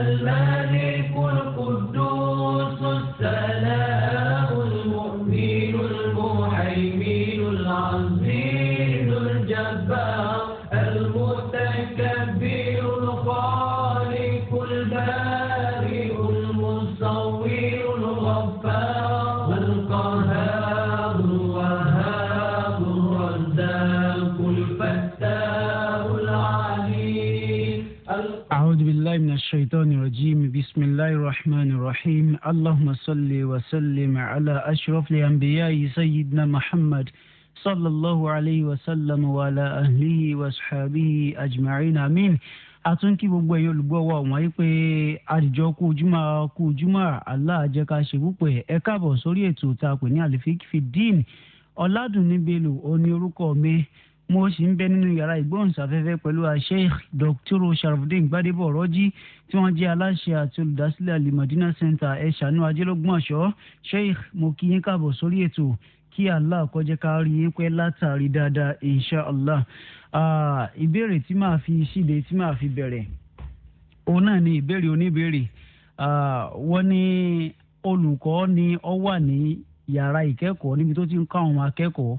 الملك القدوس اللهم صل وسلم على أشرف الأنبياء سيدنا محمد صلى الله عليه وسلم وعلى أهله وصحبه أجمعين آمين atún kí gbogbo ẹ̀yin olùgbọ́ wa wọ́n yí pé àdìjọ kú ojúmọ́ kú ojúmọ́ aláàjẹká ṣe púpọ̀ ẹ sórí ètò tá a pè ní àlìfíkì fìdíìn ọ̀làdùn níbelò òní orúkọ mi mo sì ń bẹ nínú yàrá ìgbóhùnsáfẹ́fẹ́ pẹ̀lú Sheikh Dr. Sharafdin Gbadebo Ọ̀rọ́jì tí wọ́n jẹ́ aláṣẹ àti olùdásílẹ̀ Alimadina Center ẹ̀ṣánú ajẹ́lógúnmọ̀ṣọ́ Sheikh mo kí yín káàbọ̀ sórí ètò kí Allah kó jẹ́ ká rí yín pẹ́ látàrí dáadáa inshallah ìbéèrè tí màá fi ṣíde tí màá fi bẹ̀rẹ̀ òun náà ni ìbéèrè oníbéèrè wọ́n ní olùkọ́ ni ó wà ní yàrá ìkẹ́kọ̀ọ́ níbi tó ti ń kọ́ àwọn akẹ́kọ̀ọ́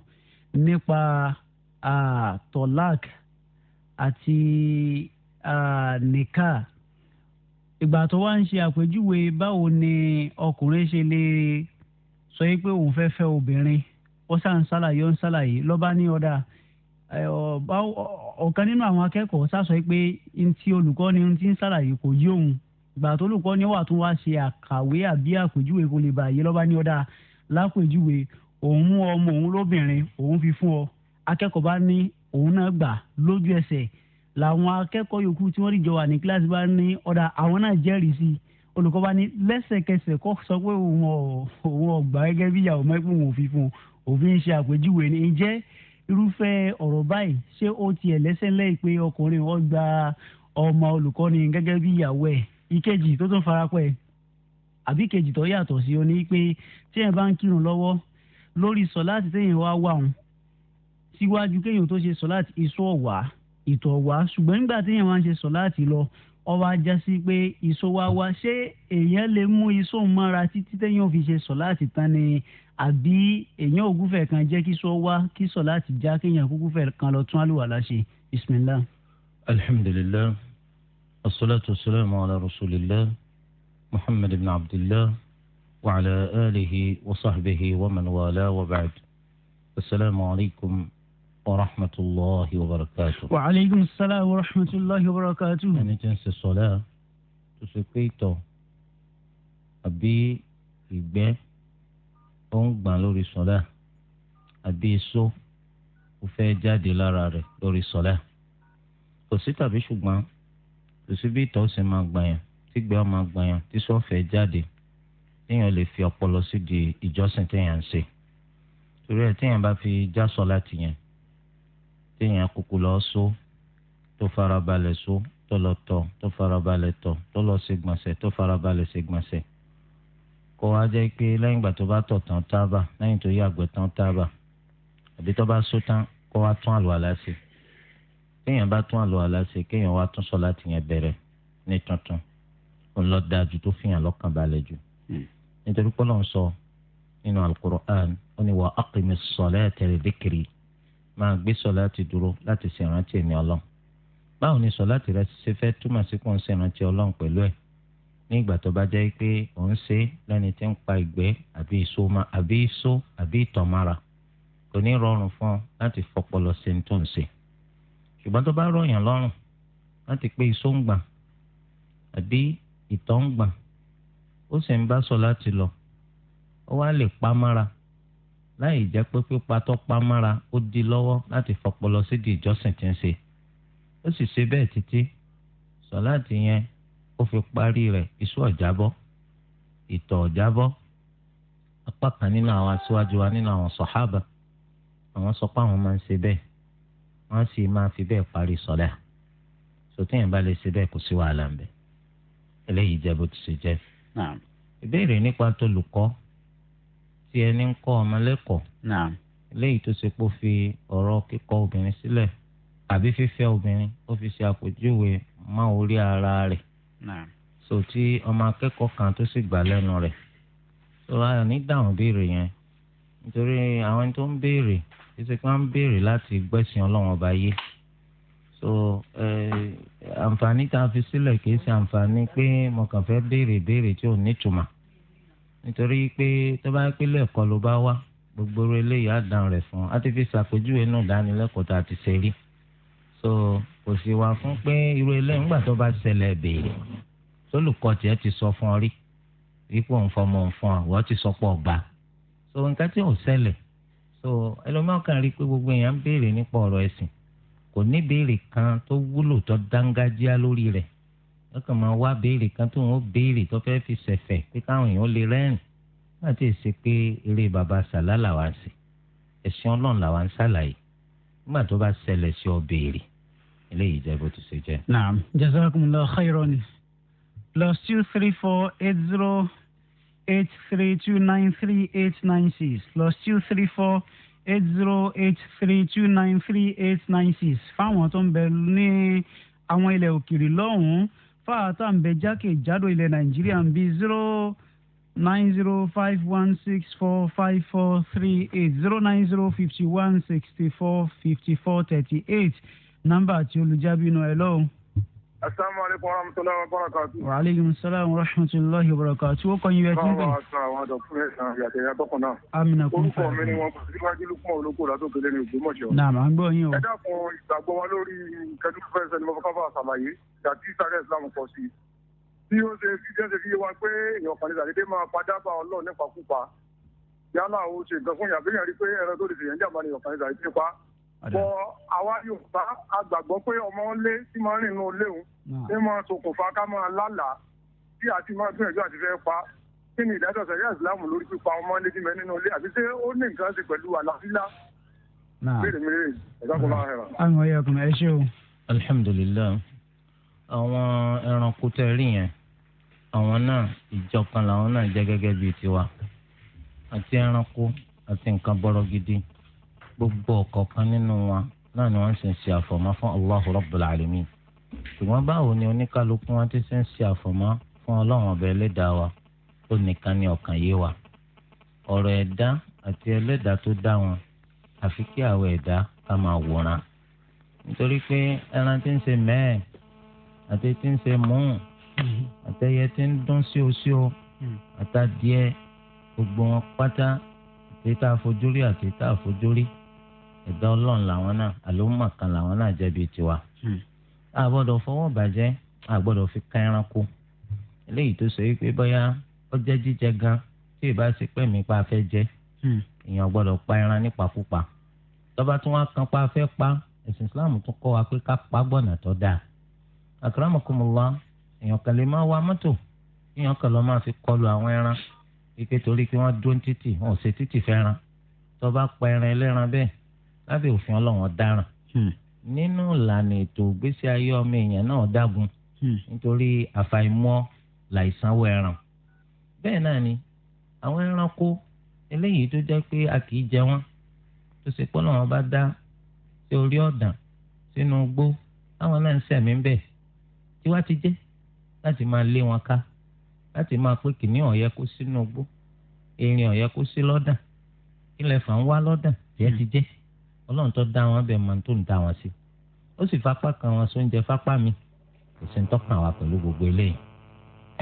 tọ́láàkì àti nìkà ìgbà tó wá ń ṣe àpèjúwe báwo ni ọkùnrin ṣe lè sọ pé òun fẹ́ fẹ́ obìnrin ó sá ń ṣàlàyé ó ń ṣàlàyé lọ́ba ní ọ̀dà ọ̀kan nínú àwọn akẹ́kọ̀ọ́ sá sọ pé ntí olùkọ́ ni ntí ń ṣàlàyé kò yí òun ìgbà tó olùkọ́ ni wà tó wá ṣe àkàwé àbí àpèjúwe kò lè bàyè lọ́ba ní ọ̀dà lápèjúwe òun mú ọmọ òun lóbìnrin òun fi fún ọ akẹ́kọ̀ọ́ bá ní òun náà gbà lójú ẹsẹ̀ làwọn akẹ́kọ̀ọ́ yòókù tí wọ́n rí jọ wà ní kíláàsì bá ní ọ̀dà àwọn náà jẹ́rìí sí i olùkọ́ bá ní lẹ́sẹ̀kẹsẹ̀ kọ́ sọ pé òun òun ọ̀gbà gẹ́gẹ́ bí ìyàwó mẹ́kún òun fi fún òfin ń ṣe àpèjúwe ní jẹ́ irúfẹ́ ọ̀rọ̀ báyìí ṣé ó tiẹ̀ lẹ́sẹ̀ lẹ́yìn pé ọkùnrin wọn gba ọmọ olùkọ́ni gẹ́gẹ́ bí ìyàwó ẹ̀ ìkejì tó tún farapẹ́ àbí kejì tó yàtọ̀ sí oní pé tí bá ń kírun lọ́wọ́ lórí sọ láti téèyàn wá wà wọn síwájú kéèyàn tó ṣe sọláàtì iṣu ọ̀wà ìtọ̀ ọ̀wà ṣùgbọ́n nígbà téèyàn máa ń ṣe sọláàtì lọ ọwọ́ ajá pé iṣu wa wá ṣé èèyàn lè mú iṣu mọ́ra títí téèyàn fi ṣe sọláàtì tán ni àbí èèyàn ògúfẹ̀ kan jẹ́ kí iṣu wá kí sọláàtì já kéèyàn kúkúfẹ̀ kan lọ tún àlùwàlá ṣe bismillah. alhamdulilayi asalaatu wasalaamu ala rasulillah muhammad ibn abdillah wa ala alihi wa sahbihi wa man wa ba'd. السلام عليكم warahmatulahi wabarakatu. wa aleykum salaam wa rahmatulahi wa barakatu. ẹni tí ń ṣe sọlá tó ṣe pé ìtọ̀ àbí ìgbẹ́ ó ń gbà lórí sọlá àbí èso ó fẹ́ jáde lára rẹ̀ lórí sọlá kò sí tàbí ṣùgbọ́n kò sí bí ìtọ̀ ṣe máa gbàyàn tí ìgbẹ́ ó máa gbàyàn tí sọ́ọ̀fẹ́ jáde téèyàn lè fi ọpọlọ sí di ìjọsìn téèyàn ń ṣe torí ẹ̀ téèyàn bá fi já sọlá tìyẹn téèyàn kúkú lọ só tó farabalẹ̀ só tó lọ tọ̀ tó farabalẹ̀ tọ̀ tó lọ ṣègbọ̀nsẹ̀ tó farabalẹ̀ ṣègbọ̀nsẹ̀ kó wá jẹ́ pé lẹ́yìn ìgbà tó bá tọ̀ tán tábà lẹ́yìn tó yàgbẹ́ tán tábà àbí tó bá só tán kó wá tún àlùwàlá ṣe kéèyàn bá tún àlùwàlá ṣe kéèyàn wá tún sọ̀láàtì yẹn bẹ̀rẹ̀ ní tuntun òun lọ dáa ju tó fìyàn lọ́kàn balẹ̀ jù hmm. nítorí pé sọ nínú Al-Qur'an ó ní wa aqimis salata li dhikri máa gbé sọláàtì dúró láti ṣèrántí ẹni ọlọ́run báwo ni sọláàtì rẹ ṣe fẹ́ túmọ̀ sí pé òun ṣèrántí ọlọ́run pẹ̀lú ẹ̀ ní ìgbà tó bá jẹ́ pé òun ṣe lẹ́ni tí ń pa ìgbẹ́ àbí ìṣó àbí ìṣó àbí ìtọ̀mára kò ní rọrùn fún ọ láti fọpọlọ ṣe ń tó ń ṣe ṣùgbọ́n tó bá rọ̀yàn lọ́rùn láti pé ìṣó ń gbà àbí ìtọ̀ ń gbà ó sì ń bá sọláàtì lọ ó wá lè pa mára láì jẹ́ pé pípa tó pa mára ó di lọ́wọ́ láti fọpọlọ sídìí ìjọsìn tí ń ṣe ó sì ṣe bẹ́ẹ̀ títí sọ̀láàtì yẹn ó fi parí rẹ̀ iṣu ọ̀jábọ́ ìtọ̀ ọ̀jábọ́ apá kan nínú àwọn aṣíwájú wa nínú àwọn sọ̀hábà àwọn sọ pé àwọn máa ń ṣe bẹ́ẹ̀ wọ́n sì máa fi bẹ́ẹ̀ parí sọ̀dá sòtún yẹn bá lè ṣe bẹ́ẹ̀ kò sí wàhálà ń bẹ̀ eléyìí jẹ́ bó ti ṣe jẹ́ ìbéèrè nípa tó lùkọ́ tí ẹni ń kọ́ ọmọ lẹ́kọ̀ọ́ léyìí tó ṣe pé ó fi ọ̀rọ̀ kíkọ obìnrin sílẹ̀ àbí fífẹ́ obìnrin ó fi ṣe àpèjúwe mọ́ orí ara rẹ̀ so tí ọmọ akẹ́kọ̀ọ́ kan tó sì gbà lẹ́nu rẹ̀ so ayọ̀ ní dáhùn béèrè yẹn nítorí àwọn tó ń béèrè títí pé wọ́n ń béèrè láti gbẹ̀sìn ọlọ́run ọba yé so àǹfààní tá a fi sílẹ̀ kì í ṣe àǹfààní pé mo kàn fẹ́ béèrè béèrè tí ò nítumọ̀ nítorí pé tó bá pé lẹ́ẹ̀kọ́ ló bá wá gbogbo eléyìí á dàn rẹ̀ fún un á ti fi ṣàpèjúwe náà dánilẹ́kọ̀ọ́ tá a ti ṣe rí so kò sì wá fún pé irú eléyìí ńgbà tó bá ṣẹlẹ̀ béèrè tólùkọ́ tiẹ̀ ti sọ fún ọ rí ipò nfọmọ nfọ àwọn ti sọ pọ̀ gbà so nǹkan tí ò ṣẹlẹ̀ so ẹlòmíràn kan rí i pé gbogbo èèyàn ń béèrè nípa ọ̀rọ̀ ẹ̀sìn kò ní béèrè kan tó wúlò tó dángájíá lórí rẹ̀ lọ́kàn máa wá béèrè kan tó ń béèrè tó fẹ́ fi ṣẹ̀fẹ̀ pé káwọn èèyàn lè rẹ́rìn láti ṣe pé eré baba sàlá làwa ń ṣe ẹ̀sìn ọlọ́run làwa ń ṣàlàyé nígbà tó bá ṣẹlẹ̀ sí ọ béèrè eléyìí jẹ́ bó ti ṣe jẹ́. naam jazakumullahu khairan plus two three four eight zero eight three two nine three eight nine six plus two three four eight zero eight three two nine three eight nine six fáwọn tó ń bẹ ní àwọn ilẹ̀ òkèèrè lọ́hùn-ún fáata ń bẹ jákèjádò ilẹ̀ nàìjíríà ń bí zero nine zero five one six four five four three eight zero nine zero fifty one sixty four fifty four thirty eight nọ́mbà tí olùjábí ẹ lọ́wọ́ asalaamualeykum wa rahmatulahi wa barakatu. wa aleykum salaam wa rahmatulahi wa barakatu. o kọni bẹ tun bẹ. báwo a sọ àwọn àdó fún ẹsàn yàtọ̀ yàtọ̀ kan náà. amina kun fà mí. orúkọ mi ni wọn kò sí wájú ló kúmọ̀ olóko la tó kele ní Ògbómọ̀ṣọ́. naam an gbọ́ yín o. ẹ dàpọ̀ ìgbàgbọ́ wa lórí kẹ́dùn fẹ́ sẹ́ni mọ́fọ́ káfà àṣàlàyé yàtí sáré islam kọ sí bí ó ṣe fi jẹ́ ṣe fi wa pé èèyàn kan ní sàdédé bọ àwa Yorùbá a gbàgbọ́ pé ọmọ lé tí máa rìn inú ilé òun ní ah. máa ṣokùnfà ká máa lálàá tí àti máa gbìyànjú àti fẹ́ pa kí ni ìdájọ́ sẹ̀rí ìsìláàmù lórí pípa ọmọ lé jímẹ nínú ilé àti ṣé ó ní nǹkan ṣe pẹ̀lú àlàfíà béèrè mi rè ẹ̀dákùn máa rẹ̀ rà. àwọn ẹyẹ ọkùnrin ẹ ṣé o. alihamudulilayi àwọn ẹranko tẹ rí yẹn àwọn náà ìjọkan làwọn náà jẹ gẹ́gẹ́ bíi tiwa àti ẹranko àti nǹkan bọrọ gidi gbogbo ọ̀kọ̀ọ̀kan nínú wa náà ni wọ́n sì ń ṣe àfọ̀mọ́ fún Allahu Rabbul Alamin ṣùgbọ́n báwo ni oníkálukú wọn ti ṣe ń ṣe àfọ̀mọ́ fún ọlọ́run ọba ẹlẹ́dàá wa ó nìkan ni ọ̀kan yé wa ọ̀rọ̀ ẹ̀dá àti ẹlẹ́dàá tó dá wọn àfi kí àwọn ẹ̀dá ká máa wòran nítorí pé ẹran tí ń ṣe mẹ́ẹ̀ àti tí ń ṣe mùún àtẹyẹ tí ń dún síosío àtàdìẹ gbogbo wọn pátá àti tá a fojú rí àti tá a fojú rí ẹ̀dá ọlọ́run làwọn náà àlòmọ̀ kan làwọn náà jẹ́ bíi tiwa. Hmm. a gbọ́dọ̀ fọwọ́ bàjẹ́ a gbọ́dọ̀ fi ká ẹranko eléyìí tó sọ yìí pé bóyá ó jẹ́ jíjẹ gan tí ì bá ṣe pẹ́ mi pa afẹ́ jẹ́ hmm. èèyàn gbọ́dọ̀ pa ẹran nípakúpa tọ́ba tí wọ́n kan pa afẹ́ pa ẹ̀sìn Islam tún kọ́ wa pé ká pa gbọ̀nà tó dáa akramakumullah èèyàn kan lè máa wa mọ́tò èèyàn kan lọ máa fi kọlu àwọn ẹran ike torí pé wọ́n dún títì wọn ò ṣe títì fẹ́ràn tọ́ba pa ẹran ẹlẹ́ran bẹ́ẹ̀ lábẹ́ òfin ọlọ́run ọ̀daràn hmm. nínú ìlànà ètò ìgbésí ayé ọmọ èèyàn náà dágun hmm. nítorí àfàìmọ̀ láìsanwó ẹran bẹ́ẹ̀ náà ni àwọn ẹranko eléyìí tó jẹ́ pé a kì í jẹ wọ́n tó ṣe pé ọlọ́run bá dá sí orí ọ̀dàn sínú igbó àwọn náà ń sẹ̀mí bẹ́ẹ̀ tí wàá ti jẹ́ láti máa lé wọn ká láti máa pé kìnìún ọ̀yẹ́ kó sínú igbó erin ọ̀yẹ́ kó sí lọ́dàn ilẹ̀ fà ń wá lọ́dàn tí ti jẹ́. Mm ọlọ́run tó dá wọn bẹ̀ máa tó ń dá wọn sí ó sì fapá kan wọn sóúnjẹ fapá mi kò sí ń tọ́kàn wá pẹ̀lú gbogbo eléyìí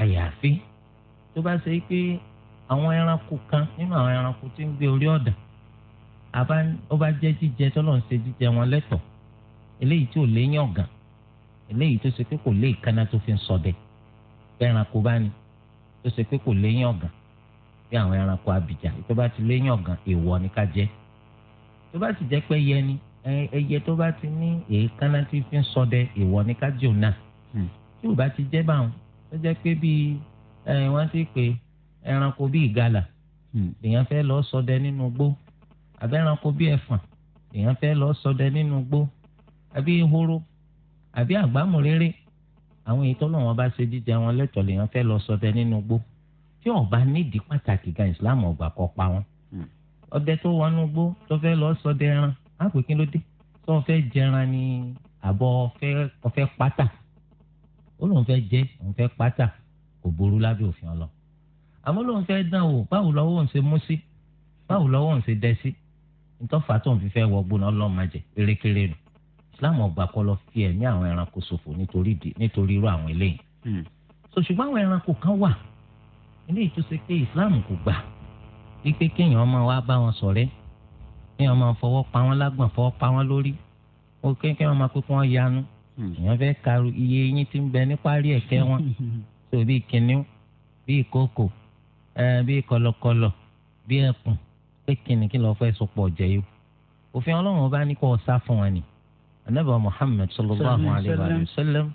àyàfi tó bá ṣe pé àwọn ẹranko kan nínú àwọn ẹranko tí ń gbé orí ọ̀dà ó bá jẹ́ jíjẹ tọ́lọ́ ń ṣe jíjẹ wọn lẹ́tọ̀ eléyìí tí ò léyìn ọ̀gàn eléyìí tó ṣe pé kò lé ìkànnà tó fi ń ṣọdẹ ẹranko bá ní tó ṣe pé kò léyìn ọ̀gàn bí àwọn ẹranko abìjà tó bá ti léyìn ọ̀gàn èèwọ̀ ni ká jẹ́ tó bá sì jẹ́ pé ẹyẹ ni ẹyẹ tó bá ti ní èékánná tí fi ń ṣọdẹ ìwọ ní kájọ náà hmm. tí ò bá ti jẹ́ báwọn tó jẹ́ pé bíi wọ́n ti pè ẹranko bíi ìgalà hmm. èèyàn fẹ́ lọ ṣọdẹ nínú igbó àbẹ́ ẹranko bíi ẹ̀fọ̀n èèyàn fẹ́ lọ ṣọdẹ nínú igbó àbí ehoro àbí àgbámúréré àwọn èyí tọ́lọ́wọ́n bá ṣe jíjẹ wọn lẹ́tọ̀ọ́ lèèyàn fẹ́ lọ ṣọdẹ nínú igbó tí ó nídìí pàtàkì gan Islam ò gbà pa wọn hmm ọdẹ tó wọnú gbó tó fẹ́ lọ sọdẹ ẹran á pè kí ló dé tó fẹ́ jẹran ni àbọ̀ ọfẹ́ pátá ó lóun fẹ́ jẹ òun fẹ́ pátá kò burú lábẹ́ òfin ọlọ àmọ́ lóun fẹ́ dán o báwo lọ́wọ́ òun ṣe mú sí báwo lọ́wọ́ òun ṣe dẹ sí ntọ́fà tó ń fi fẹ́ wọgbó náà lọ́ọ́ erékeré nù islam ọgbà kọ́ lọ fi ẹ̀mí àwọn ẹranko ṣòfò nítorí irú àwọn eléyìí hmm. so àwọn ẹranko kan wà ilé ìtúsí pé islam kò gbà wípé kéèyàn máa wá bá wọn ṣọ̀rẹ́ kéèyàn máa fọwọ́ pa wọn lágbọ̀n fọwọ́ pa wọn lórí ó kéèyàn máa pé kí wọ́n yanu hmm. èèyàn fẹ́ karu iye eyín tí ń bẹ ní parí ẹ̀kẹ́ wọn tó bíi kìnìún bíi kókò bíi kọlọkọlọ bíi ẹkùn pé kìnìún kí lọ́ọ́ fẹ́ sopọ̀ jẹ́ yìí òfin ọlọ́run bá ní kó o sá fún wọn ni anabi muhammed sallallahu alayhi wa sallam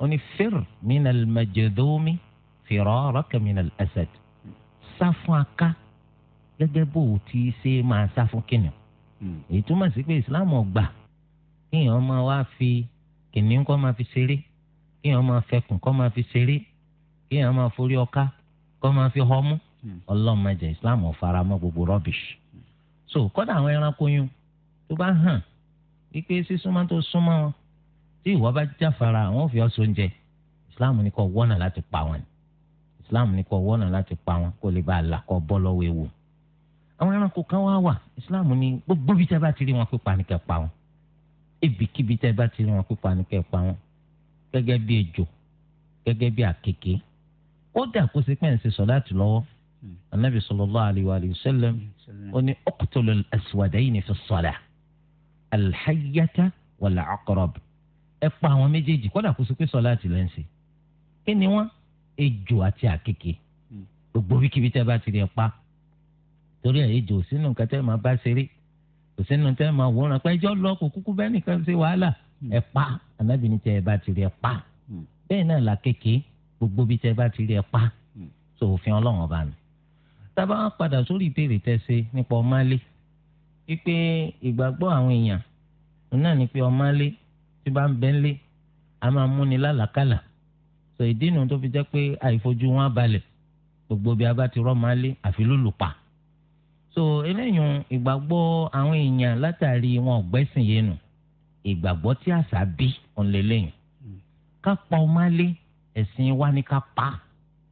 ó ní fir min al-majdumi firaraka asad sá fún aká gẹ́gẹ́ bó o ti ṣe máa sá fún kìnìún hmm. èyí túmọ̀ sí pé islam ọgbà kíyàn máa wá fi kìnìún kọ́ máa fi ṣeré kíyàn máa fẹkùn kọ́ máa fi ṣeré kíyàn máa forí ọká kọ́ máa fi họ́mú hmm. ọlọ́mọdé islam ọ̀faramọ́ gbogbo rubbish hmm. so kọ́dà àwọn ẹranko yún tó bá hàn wípé sísúnmọ́ tó súnmọ́ wọn tí ìwọ bá jáfara àwọn ò fi ọ́ sóúnjẹ islam ní kò wọ́nà láti pa wọn islam ní kò wọ́nà láti pa wọn kó lè bá a là bọ́ lọ́wọ́ ewu àwọn ẹranko kan wá wà islam ní gbogbo bí tẹ́ bá ti rí wọn pípa ní kẹ́ pa wọn ibikíbi tẹ́ bá ti rí wọn pípa ní kẹ́ pa wọn gẹ́gẹ́ bí ejò gẹ́gẹ́ bí àkekè ó dà kó sí pé ń ṣe sọ̀láàtì lọ́wọ́ anabi sallallahu alayhi wa sallam ó ní uqtulul aswadayni fi salah alhayyata wal aqrab ẹ pa àwọn méjèèjì kódà kó sí pé lẹ́ ṣe kí ni wọ́n ejò àti àkekè gbogbo bíkíbi tẹ́ bá ti rí ẹ pa torí ẹ̀ ejò sínú nǹkan tẹ́ máa bá ṣeré kò sínú tẹ́ máa wòran pé ẹjọ́ lọ kò kúkú bẹ́ẹ̀ nìkan ṣe wàhálà hmm. ẹ pa ànábì ní tẹ́ ẹ bá ti rí ẹ pa hmm. bẹ́ẹ̀ náà là kéèké gbogbo bí tẹ́ ẹ bá ti rí ẹ pa hmm. so òfin ọlọ́run ọba nù. tábà wọn padà sórí ìbéèrè tẹ́ ṣe nípa ọmọlé wípé ìgbàgbọ́ àwọn èèyàn náà ni pé ọmọlé tí bá ń bẹ́ńlé a máa múni lálàkàlà so ìdí nu tó fi jẹ́ pé àìfojú wọn balẹ̀ gbogbo bí a bá ti rọ́ ọmọlé àfi lùlù so eléyìí ìgbàgbọ́ àwọn èèyàn látàrí wọn ọ̀gbẹ́sìn yẹn nù ìgbàgbọ́ tí àṣà bí ọ̀nlẹ́lẹ́yìn hmm. ká pa ọmọ alẹ́ ẹ̀sìn wa ni ká pa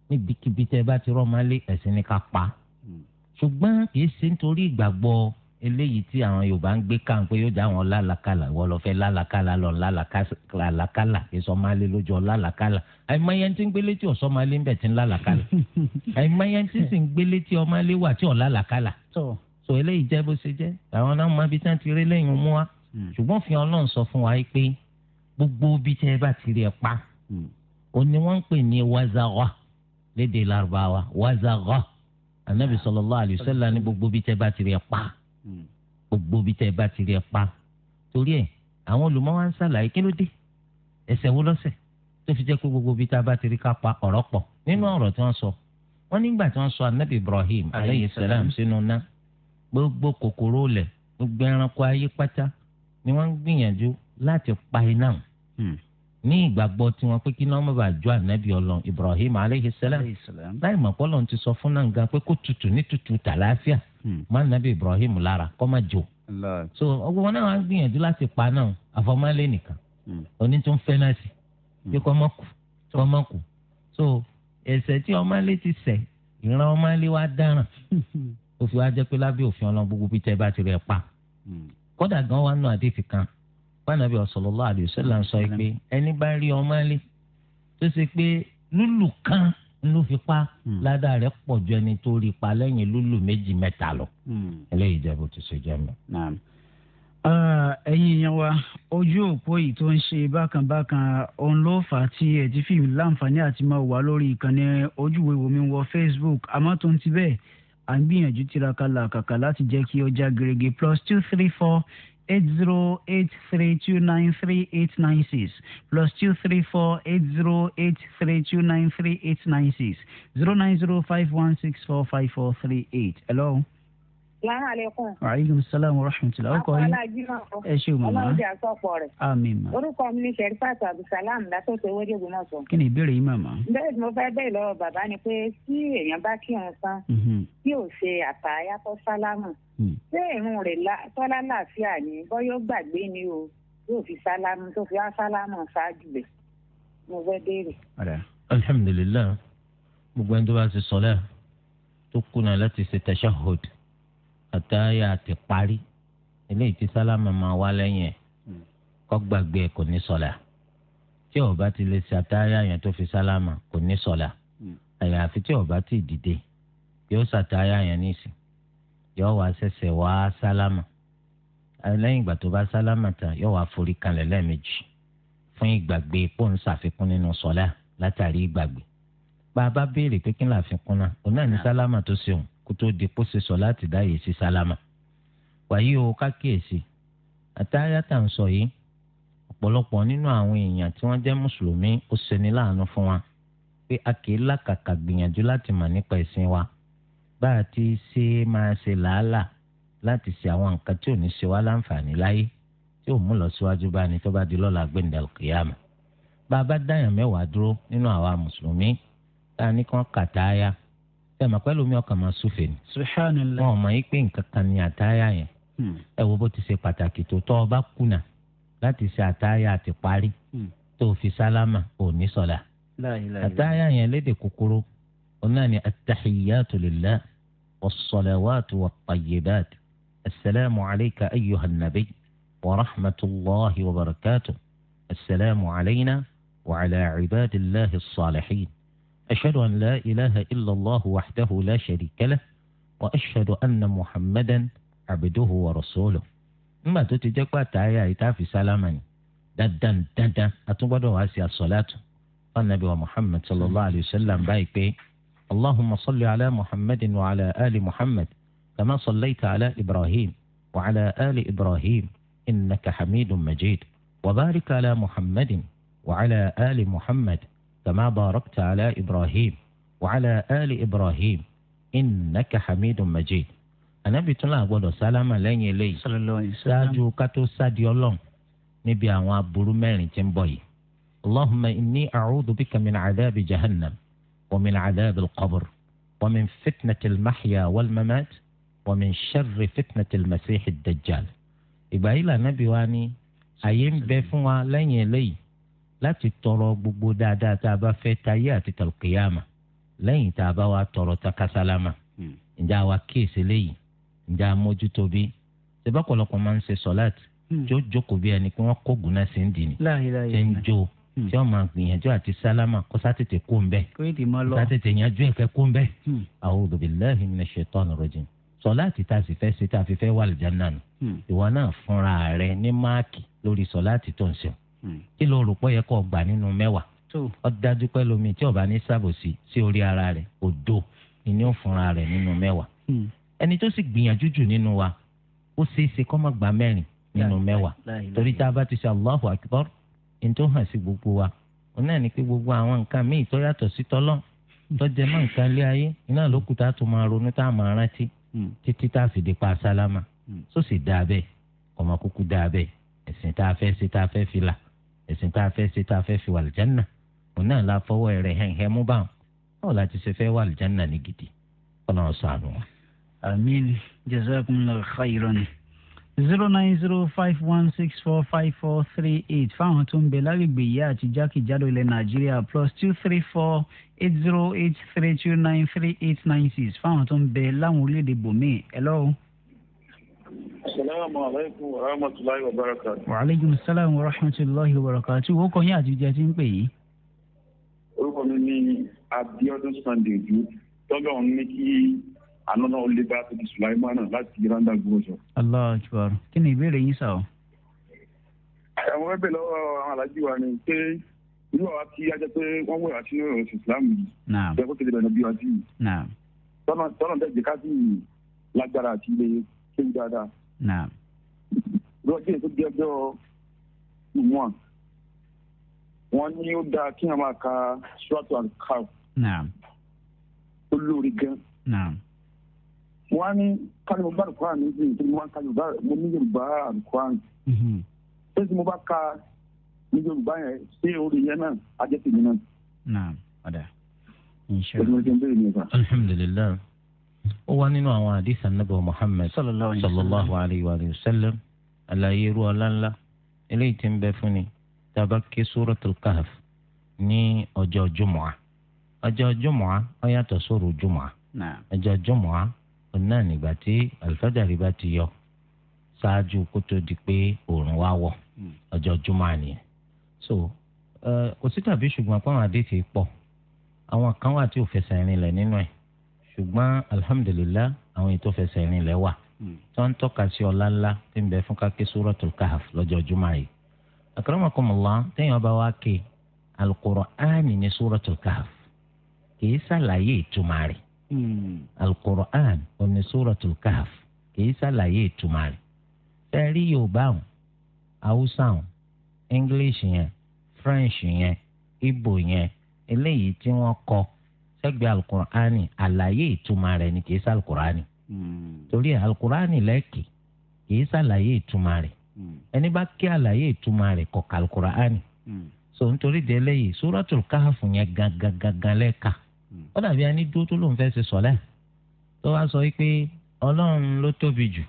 níbikíbi tẹ́ bá ti rọ́ ọmọ alẹ́ ẹ̀sìn ni ká pa hmm. ṣùgbọ́n kì í ṣe nítorí ìgbàgbọ́ eléyìí tí àwọn yorùbá ń gbé kàn pé yóò já àwọn lálàkàlà wọ́n lọ fẹ́ lálàkàlà lọ lálàkàlà ìsọmalé lójú ọlálàkàlà àìmọye tí ń gbélé tí ọsọmalé ń bẹ tí ń lálàkàlà àìmọye sì ń gbélé tí ọmalé wà tí ọlálàkàlà so eléyìí jẹ́ bó ṣe jẹ́ àwọn náà máa bí tí wọ́n ti rí lẹ́yìn mú wa hmm. ṣùgbọ́n fi ọlọ́run sọ fún wa pé gbogbo bí tẹ́ ẹ bá ti rí ẹ pa hmm. òní wọ́n ń pè ní wazagha lédè lárúbáwá wazagha anabi ah. sallallahu alaihi wasallam ní gbogbo bí tẹ́ ẹ bá ti rí ẹ pa gbogbo bí tẹ́ bá ti rí ẹ pa torí ẹ̀ àwọn olùmọ̀ wa ń ṣàlàyé kí ló dé ẹ̀ṣẹ̀ wo lọ́ṣẹ̀ tó fi jẹ́ pé gbogbo bí tá a bá ti rí ká pa ọ̀rọ̀ pọ̀ nínú ọ̀rọ̀ tí wọ́n sọ wọ́n nígbà tí wọ́n sọ anabi Ibrahim aleyhi salam sínú ná gbogbo kòkòrò lẹ̀ gbogbo ẹranko ayé pátá ni wọ́n ń gbìyànjú láti pa iná hmm. ní ìgbàgbọ́ tí pé kí náà má bàa jó ànábì ọlọ́run Ibrahim aleyhi salam láì mọ̀ pé ọlọ́run ti sọ fún náà gan pé kó tutù ní tutù tàlàáfíà Hmm. má nàbí Ibrahim lára kọ́ má jò so ọgbọ́n wọn náà wá gbìyànjú láti pa náà àfọmọ́lé nìkan oní tó ń fẹ́ náà sí hmm. pé kọ́ mọ́ kù kọ́ mọ́ kù so ẹ̀ṣẹ̀ tí ọmọlé ti ṣẹ̀ ìran ọmọlé wa dáràn ó fi wá jẹ́ pé lábẹ́ òfin ọlọ́run gbogbo bí tẹ́ bá ti rẹ̀ pa hmm. kódà gan wa nù àdéhìí kan pànàbí sallallahu alaihi wasallam ń sọ pé ẹni bá rí ọmọlé tó ṣe pé lúlù kan ló fi pa hmm. ládà rẹ pọ̀ ju ẹni tó rí pa lẹ́yìn lúlù méjì mẹ́ta lọ. Hmm. eléyìí jẹ́ bó ti ṣe jẹ́ mi. Ah, ẹ̀yin èèyàn wa ojú òpó yìí tó ń ṣe bákanbákan òun ló fà á tí ẹ̀ ti fi láǹfààní àti máa wà lórí ìkànnì ojúwe wo wọ Facebook àmọ́ tó ń ti bẹ́ẹ̀ à ń gbìyànjú tiraka làkàkà láti jẹ́ kí ọjà gèrègè plus two three four eight zero eight three two nine three eight nine six plus two three four eight zero eight three two nine three eight nine six zero nine zero five one six four five four three eight. Hello salaamaleykum. aleykum salaam wa rahmatulah. ọkọ yín ẹ ṣe mọ náà. ọlọ́run àsọpọ̀ rẹ̀. àmín ma. orúkọ mi ni sẹ́rífàtà abdulsalam látọ̀tọ̀ ewédè gbọmọ̀sọ. kí ni ìbéèrè yín màmá. bẹ́ẹ̀ mo fẹ́ bẹ́ẹ̀ lọ́wọ́ bàbá ni pé tí èèyàn bá kírun tán mm-hmm. tí ò ṣe àtàyàtọ̀ sálámù mm. ṣé ìrun rẹ̀ tọ́lá láàfíà ni bọ́yọ́ gbàgbé ni o yóò fi sálámù tó fi á sálámù ṣáájú rẹ̀ mo fẹ́ béèrè. alhamdulilayi gbogbo ẹni tó bá ti sọ lẹ́ẹ̀ tó kùnà láti ṣe tashahhud àtàyà ti parí eléyìí tí sálámà máa wá lẹ́yìn ẹ̀ hmm. kó gbàgbé ẹ̀ kò ní sọ̀là tí ó bá ti lè ṣe àtàyà yẹn tó fi sálámà kò ní sọ̀là hmm. àyàfi tí ó bá ti dìde yóò ṣàtàyà yẹn nísìn yóò wá ṣẹ̀ṣẹ̀ wá sálámà lẹ́yìn ìgbà tó bá sálámà tán yóò wá forí kanlẹ̀ lẹ́ẹ̀mejì fún ìgbàgbé pò ń ṣàfikún nínú sọ̀là látàrí ìgbàgbé bá a bá béèrè pé kí n láfikún náà òun náà ní ah. sálámà tó ṣe kó tó di kó ṣe sọ láti dáyè sí sálámà wàyí o kákíyèsí àtàyàtà ń sọ yìí ọ̀pọ̀lọpọ̀ nínú àwọn èèyàn tí wọ́n jẹ́ mùsùlùmí ó ṣeni láàánú fún wa pé a kì í làkàkà gbìyànjú láti mọ̀ nípa ẹ̀sìn wa bá a ti ṣe máa ṣe làálàá láti ṣe àwọn nǹkan tí ò ní ṣe wá láǹfààní láyé tí ò mú lọ síwájú bá ní tó bá di lọ́la gbẹ̀ndàlù kìyàmù bá a bá dáyàn mẹ́wàá dúró nínú àwa mùsùlùmí tá a ní kàn kàtáyà ẹ mọ̀ pẹ́ lómi ọkàn máa súfè ni. wọn ò mọ yín pé nǹkan kan ni àtáyà yẹn. ẹ wo bó ti ṣe pàtàkì tó tọ́ ọ bá kùnà láti ṣe àtáyà àti parí tó fi sálámà ò ní sọ̀la. àtáyà yẹn lédè kúkúrú ọ̀nà ni lè la wà tó wà pàyè wattayyibat asalaamu alayka ayyuhan nabiy wa rahmatulahi wa barakatuh asalaamu alayna wa ala cibaadillahi as-salihin. أشهد أن لا إله إلا الله وحده لا شريك له وأشهد أن محمدا عبده ورسوله إما تتجاك تايا في سلامني دادا دادا أتبدو واسي الصلاة النبي ومحمد صلى الله عليه وسلم بايك اللهم صل على محمد وعلى آل محمد كما صليت على إبراهيم وعلى آل إبراهيم إنك حميد مجيد وبارك على محمد وعلى آل محمد كما باركت على ابراهيم وعلى ال ابراهيم انك حميد مجيد انا بتلا غدو سلام لين لي صلى الله عليه وسلم ساجو كاتو ساديو لون نبي اوان ابورو ميرين اللهم اني اعوذ بك من عذاب جهنم ومن عذاب القبر ومن فتنه المحيا والممات ومن شر فتنه المسيح الدجال ابا نبي واني ايم بفوا لين يلي láti tọrọ gbogbo dáadáa tá a bá fẹ́ tayé àti tàlùkìyàmà lẹ́yìn tá a bá wa tọrọ takasálámà hmm. ǹjẹ́ àwa kíyèsí léyìí ǹjẹ́ a mójútó bí ṣẹ́bàpọ̀lọpọ̀ máa ń ṣe sọ́láàtì hmm. tí ó jókòó bí ẹni pé wọ́n kó gùnà sí ń dì ní ṣe ń jó hmm. tí wọ́n máa gbìyànjú àti sálámà kó sátètè kó ń bẹ́ sátètè yanjú ẹ̀kẹ́ kó ń bẹ́ a'udhu billahi minash shaitani rajim sọláàtì tá a sì fẹ́ ṣe tá a fi fẹ́ wà lìjánà nù ìwọ náà fúnra rẹ ní máàkì lórí sọláàtì tó ń ṣeun Hmm. kí ló rò pé yẹ kó gbà nínú mẹ́wàá ó dájú pé lómi tí ọba ní sàbòsí sí orí ara rẹ̀ òdo ni ò fúnra rẹ̀ nínú mẹ́wàá hmm. ẹni tó sì gbìyànjú jù nínú wa ó ṣeé ṣe kó má gbà mẹ́rin nínú mẹ́wàá torí tá a bá ti ṣe Allahu Akbar ní tó hàn sí gbogbo wa òun náà ní pé gbogbo àwọn nǹkan míì tó yàtọ̀ sí tọ́lọ́ tó jẹ mọ́ nǹkan lé ayé iná lókùtà tó máa ronú tá a máa rántí hmm. títí tá a fi di pa sálámà sósì dáa bẹ́ẹ̀ ọmọ dáa bẹ́ẹ̀ ẹ̀sìn tá a fẹ́ ṣe tá a fẹ́ fi là ẹ̀sìn tá a fẹ́ ṣe tá a fẹ́ fi wà lìjánà òun náà la fọwọ́ rẹ̀ hẹ̀hẹ̀ mú bá wọn báwo la ti ṣe fẹ́ wà lìjánà ní gidi ọlọ́run ṣàánú wa. àmín jazakumullahu khairan zero nine zero five one six four five four three eight fáwọn tó ń bẹ lágbègbè yìí àti jákèjádò ilẹ̀ nàìjíríà plus two three four eight zero eight three two nine three eight nine six fáwọn tó ń bẹ láwọn orílẹ̀-èdè bòmíì hello asalaamu alaykum wa rahmatulahi wa barakatu. wa aleykum salaam wa rahmatulahi wa barakatu. wo kàn yín àti ìjà tí ń pè yìí. orúkọ mi ní Abíọ́dún Sunday ju tọ́gbà òun ní kí anọ́nà olè bá tóbi Sulaimana láti yiranda gbọ́dọ̀. Allahu akbar kí ni ìbéèrè yín sà o. àwọn ẹgbẹ́ lọ́wọ́ àwọn alájí wa ni pé irú àwa tí a pé wọ́n wẹ̀ àti ní oṣù Islam yìí. ìjọba kò tẹ̀lé bẹ̀rẹ̀ bí wọ́n ti. tọ́nà tẹ̀jẹ̀ ká sí lágbára àti ilé ṣe dáadáa. naam. lọ́jọ́ tó jẹ́jọ́ ìwọ̀n wọ́n ní ó dáa kí wọ́n máa ka ṣọ́ọ̀tù and cow. naam. lórí gan. wọ́n á ní kálí mo bá àlùkò àná níbi ìdílé mo máa ń kálí mo ní yorùbá àlùkò àná. Mm-hmm. ṣé tí mo bá ka ní yorùbá yẹn ṣé orí yẹn náà á tèmi náà. naam ọ̀dà. inṣàlá alhamdulilayi ó wá nínú àwọn àdìsá nàbẹ Muhammad sallallahu alayhi wa sallam àlàyé irú ọláńlá eléyìí tí ń bẹ fún ni tàbá ké suratul kahf ní ọjọ́ jùmọ̀á ọjọ́ jùmọ̀á ó yàtọ̀ sóru jùmọ̀á ọjọ́ jùmọ̀á nígbà tí alifájàrí bá ti yọ ṣáájú kó tó di pé oòrùn wá wọ̀ hmm. ọjọ́ jùmọ̀á nìyẹn so kò sí tàbí àdìsí pọ̀ àwọn kan wà tí ò fẹsẹ̀ rinlẹ̀ nínú ẹ̀ ṣùgbọ́n alhamdulillah àwọn ètò fẹsẹ̀ rìn lẹ́ wà hmm. tó ń tọ́ka sí ọlá ńlá tí ń bẹ fún káké suratul kahf lọ́jọ́ jùmọ̀ yìí akramakumullah téèyàn bá wá ké al-Qur'ani ní suratul kahf kìí ṣàlàyé ìtumọ̀ rẹ̀ hmm. al-Qur'an ní suratul kahf kìí ṣàlàyé ìtumọ̀ rẹ̀ tẹ́rí yorùbá hàn haúsá hàn english yẹn french yẹn ibo yẹn eléyìí tí wọ́n kọ́ sẹ́gbẹ̀ẹ́ alukur'ani àlàyé ìtumọ̀ rẹ̀ ni kì í sá alukur'ani. Hmm. torí alukur'ani lẹ́ẹ̀kì kì í sàlàyé ìtumọ̀ rẹ̀ hmm. ẹni bá kí àlàyé ìtumọ̀ rẹ̀ kọ̀ ká alukur'ani. Hmm. so nítorí de eléyìí suratul káhàfù yẹn gangan lẹ́ẹ̀ka ó dàbí ẹni dúró tó lóun fẹ́ ṣe sọ̀lẹ́ tó wá sọ pé ọlọ́run ló tóbi jù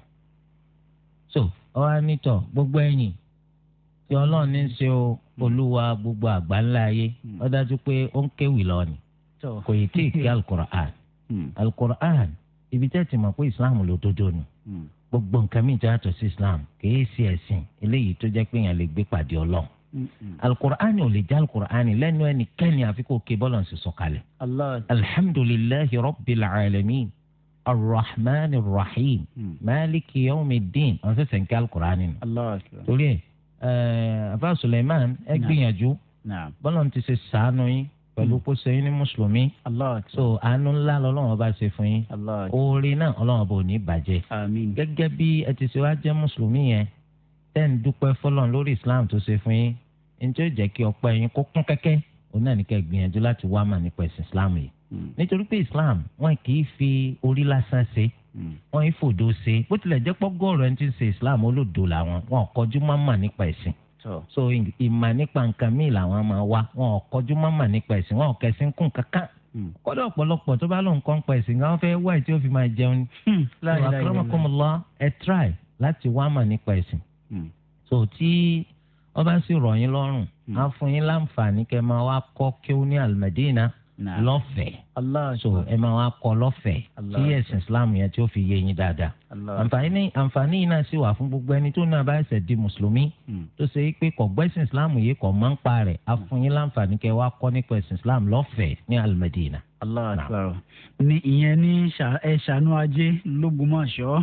so ọwọ́ nítọ̀ gbogbo ẹ̀yìn tí ọlọ́run ní í ṣe olúwa gbogbo àgbáńlá ayé ó dájú pé ó ń kéwì lọ ni kò yìí tí ì kí alukur'an hmm. alukur'an ibi tẹ́ ti mọ̀ pé islam ló dodo nù hmm. gbogbo nǹkan mìíràn yàtọ̀ sí islam kìí ṣe ẹ̀sìn eléyìí tó jẹ́ pé èèyàn lè gbé pàdé ọlọ́run hmm, alukur'an ò lè jẹ́ alukur'an lẹ́nu ẹnikẹ́ni àfi kò ké bọ́lọ̀ ń sọ kalẹ̀ alhamdulilayi rabbil arrahman arrahim maliki yawmi din wọ́n sẹ̀sẹ̀ ń alukur'an nù torí ẹ̀ eh, afa suleiman ẹ gbìyànjú bọ́lọ̀ ti ṣe sànú yín pẹ̀lú hmm. kó ṣe yín ní mùsùlùmí. so àánú ńlá lọ́lọ́run bá ṣe fún yín. oore náà ọlọ́run bò ní bàjẹ́. gẹ́gẹ́ bí ẹ ti ṣe wá jẹ́ mùsùlùmí yẹn tẹ́ ń dúpẹ́ fọlọ́n lórí islam tó ṣe fún yín ní tí ó jẹ́ kí ọpẹ́ yín kó kún kẹ́kẹ́ òun náà ní kẹ́ gbìyànjú láti wá mà nípa ẹ̀sìn islam yìí. Hmm. nítorí pé islam wọn kì í fi orí lásán ṣe hmm. wọn yìí fòdó ṣe bó tilẹ̀ jẹ́ pọ́gọ́rọ̀ ẹni tí ń ṣe islam olódo làwọn wọn kọjú máa mà nípa ẹ̀sìn so ìmà nípa nǹkan míì làwọn máa wá wọn ò kọjú mọ́mà nípa ẹ̀sìn wọn ò kẹsìn kún kankan hmm. kódà ọ̀pọ̀lọpọ̀ tó bá lóun kọ́ ń pa ẹ̀sìn gan fẹ́ wá ìtí ó fi máa jẹun ni àkàràmọ́kọ́mọ́lá hmm. ẹ try láti wá mà nípa ẹ̀sìn hmm. so tí wọ́n bá sì rọ̀ yín lọ́rùn á fún yín láǹfààní kẹ́ máa wá kọ́ kí ó ní Al-Madina lọ́fẹ̀ẹ́ so ẹ máa wá kọ́ lọ́fẹ̀ẹ́ tí ẹ̀sìn islam yẹn tí ó fi yé yín dáadáa àǹfààní àǹfààní yìí náà sì wà fún gbogbo ẹni tó náà bá ẹsẹ̀ di mùsùlùmí hmm. tó ṣe pé kò gbẹ́sìn islam yìí kò máa ń pa rẹ̀ á fún yín láǹfààní kẹ́ wá kọ́ nípa ẹ̀sìn islam lọ́fẹ̀ẹ́ ní alimẹdìínà. ní ìyẹn ní ẹ̀ṣánú ajé lógbómọ̀ṣọ́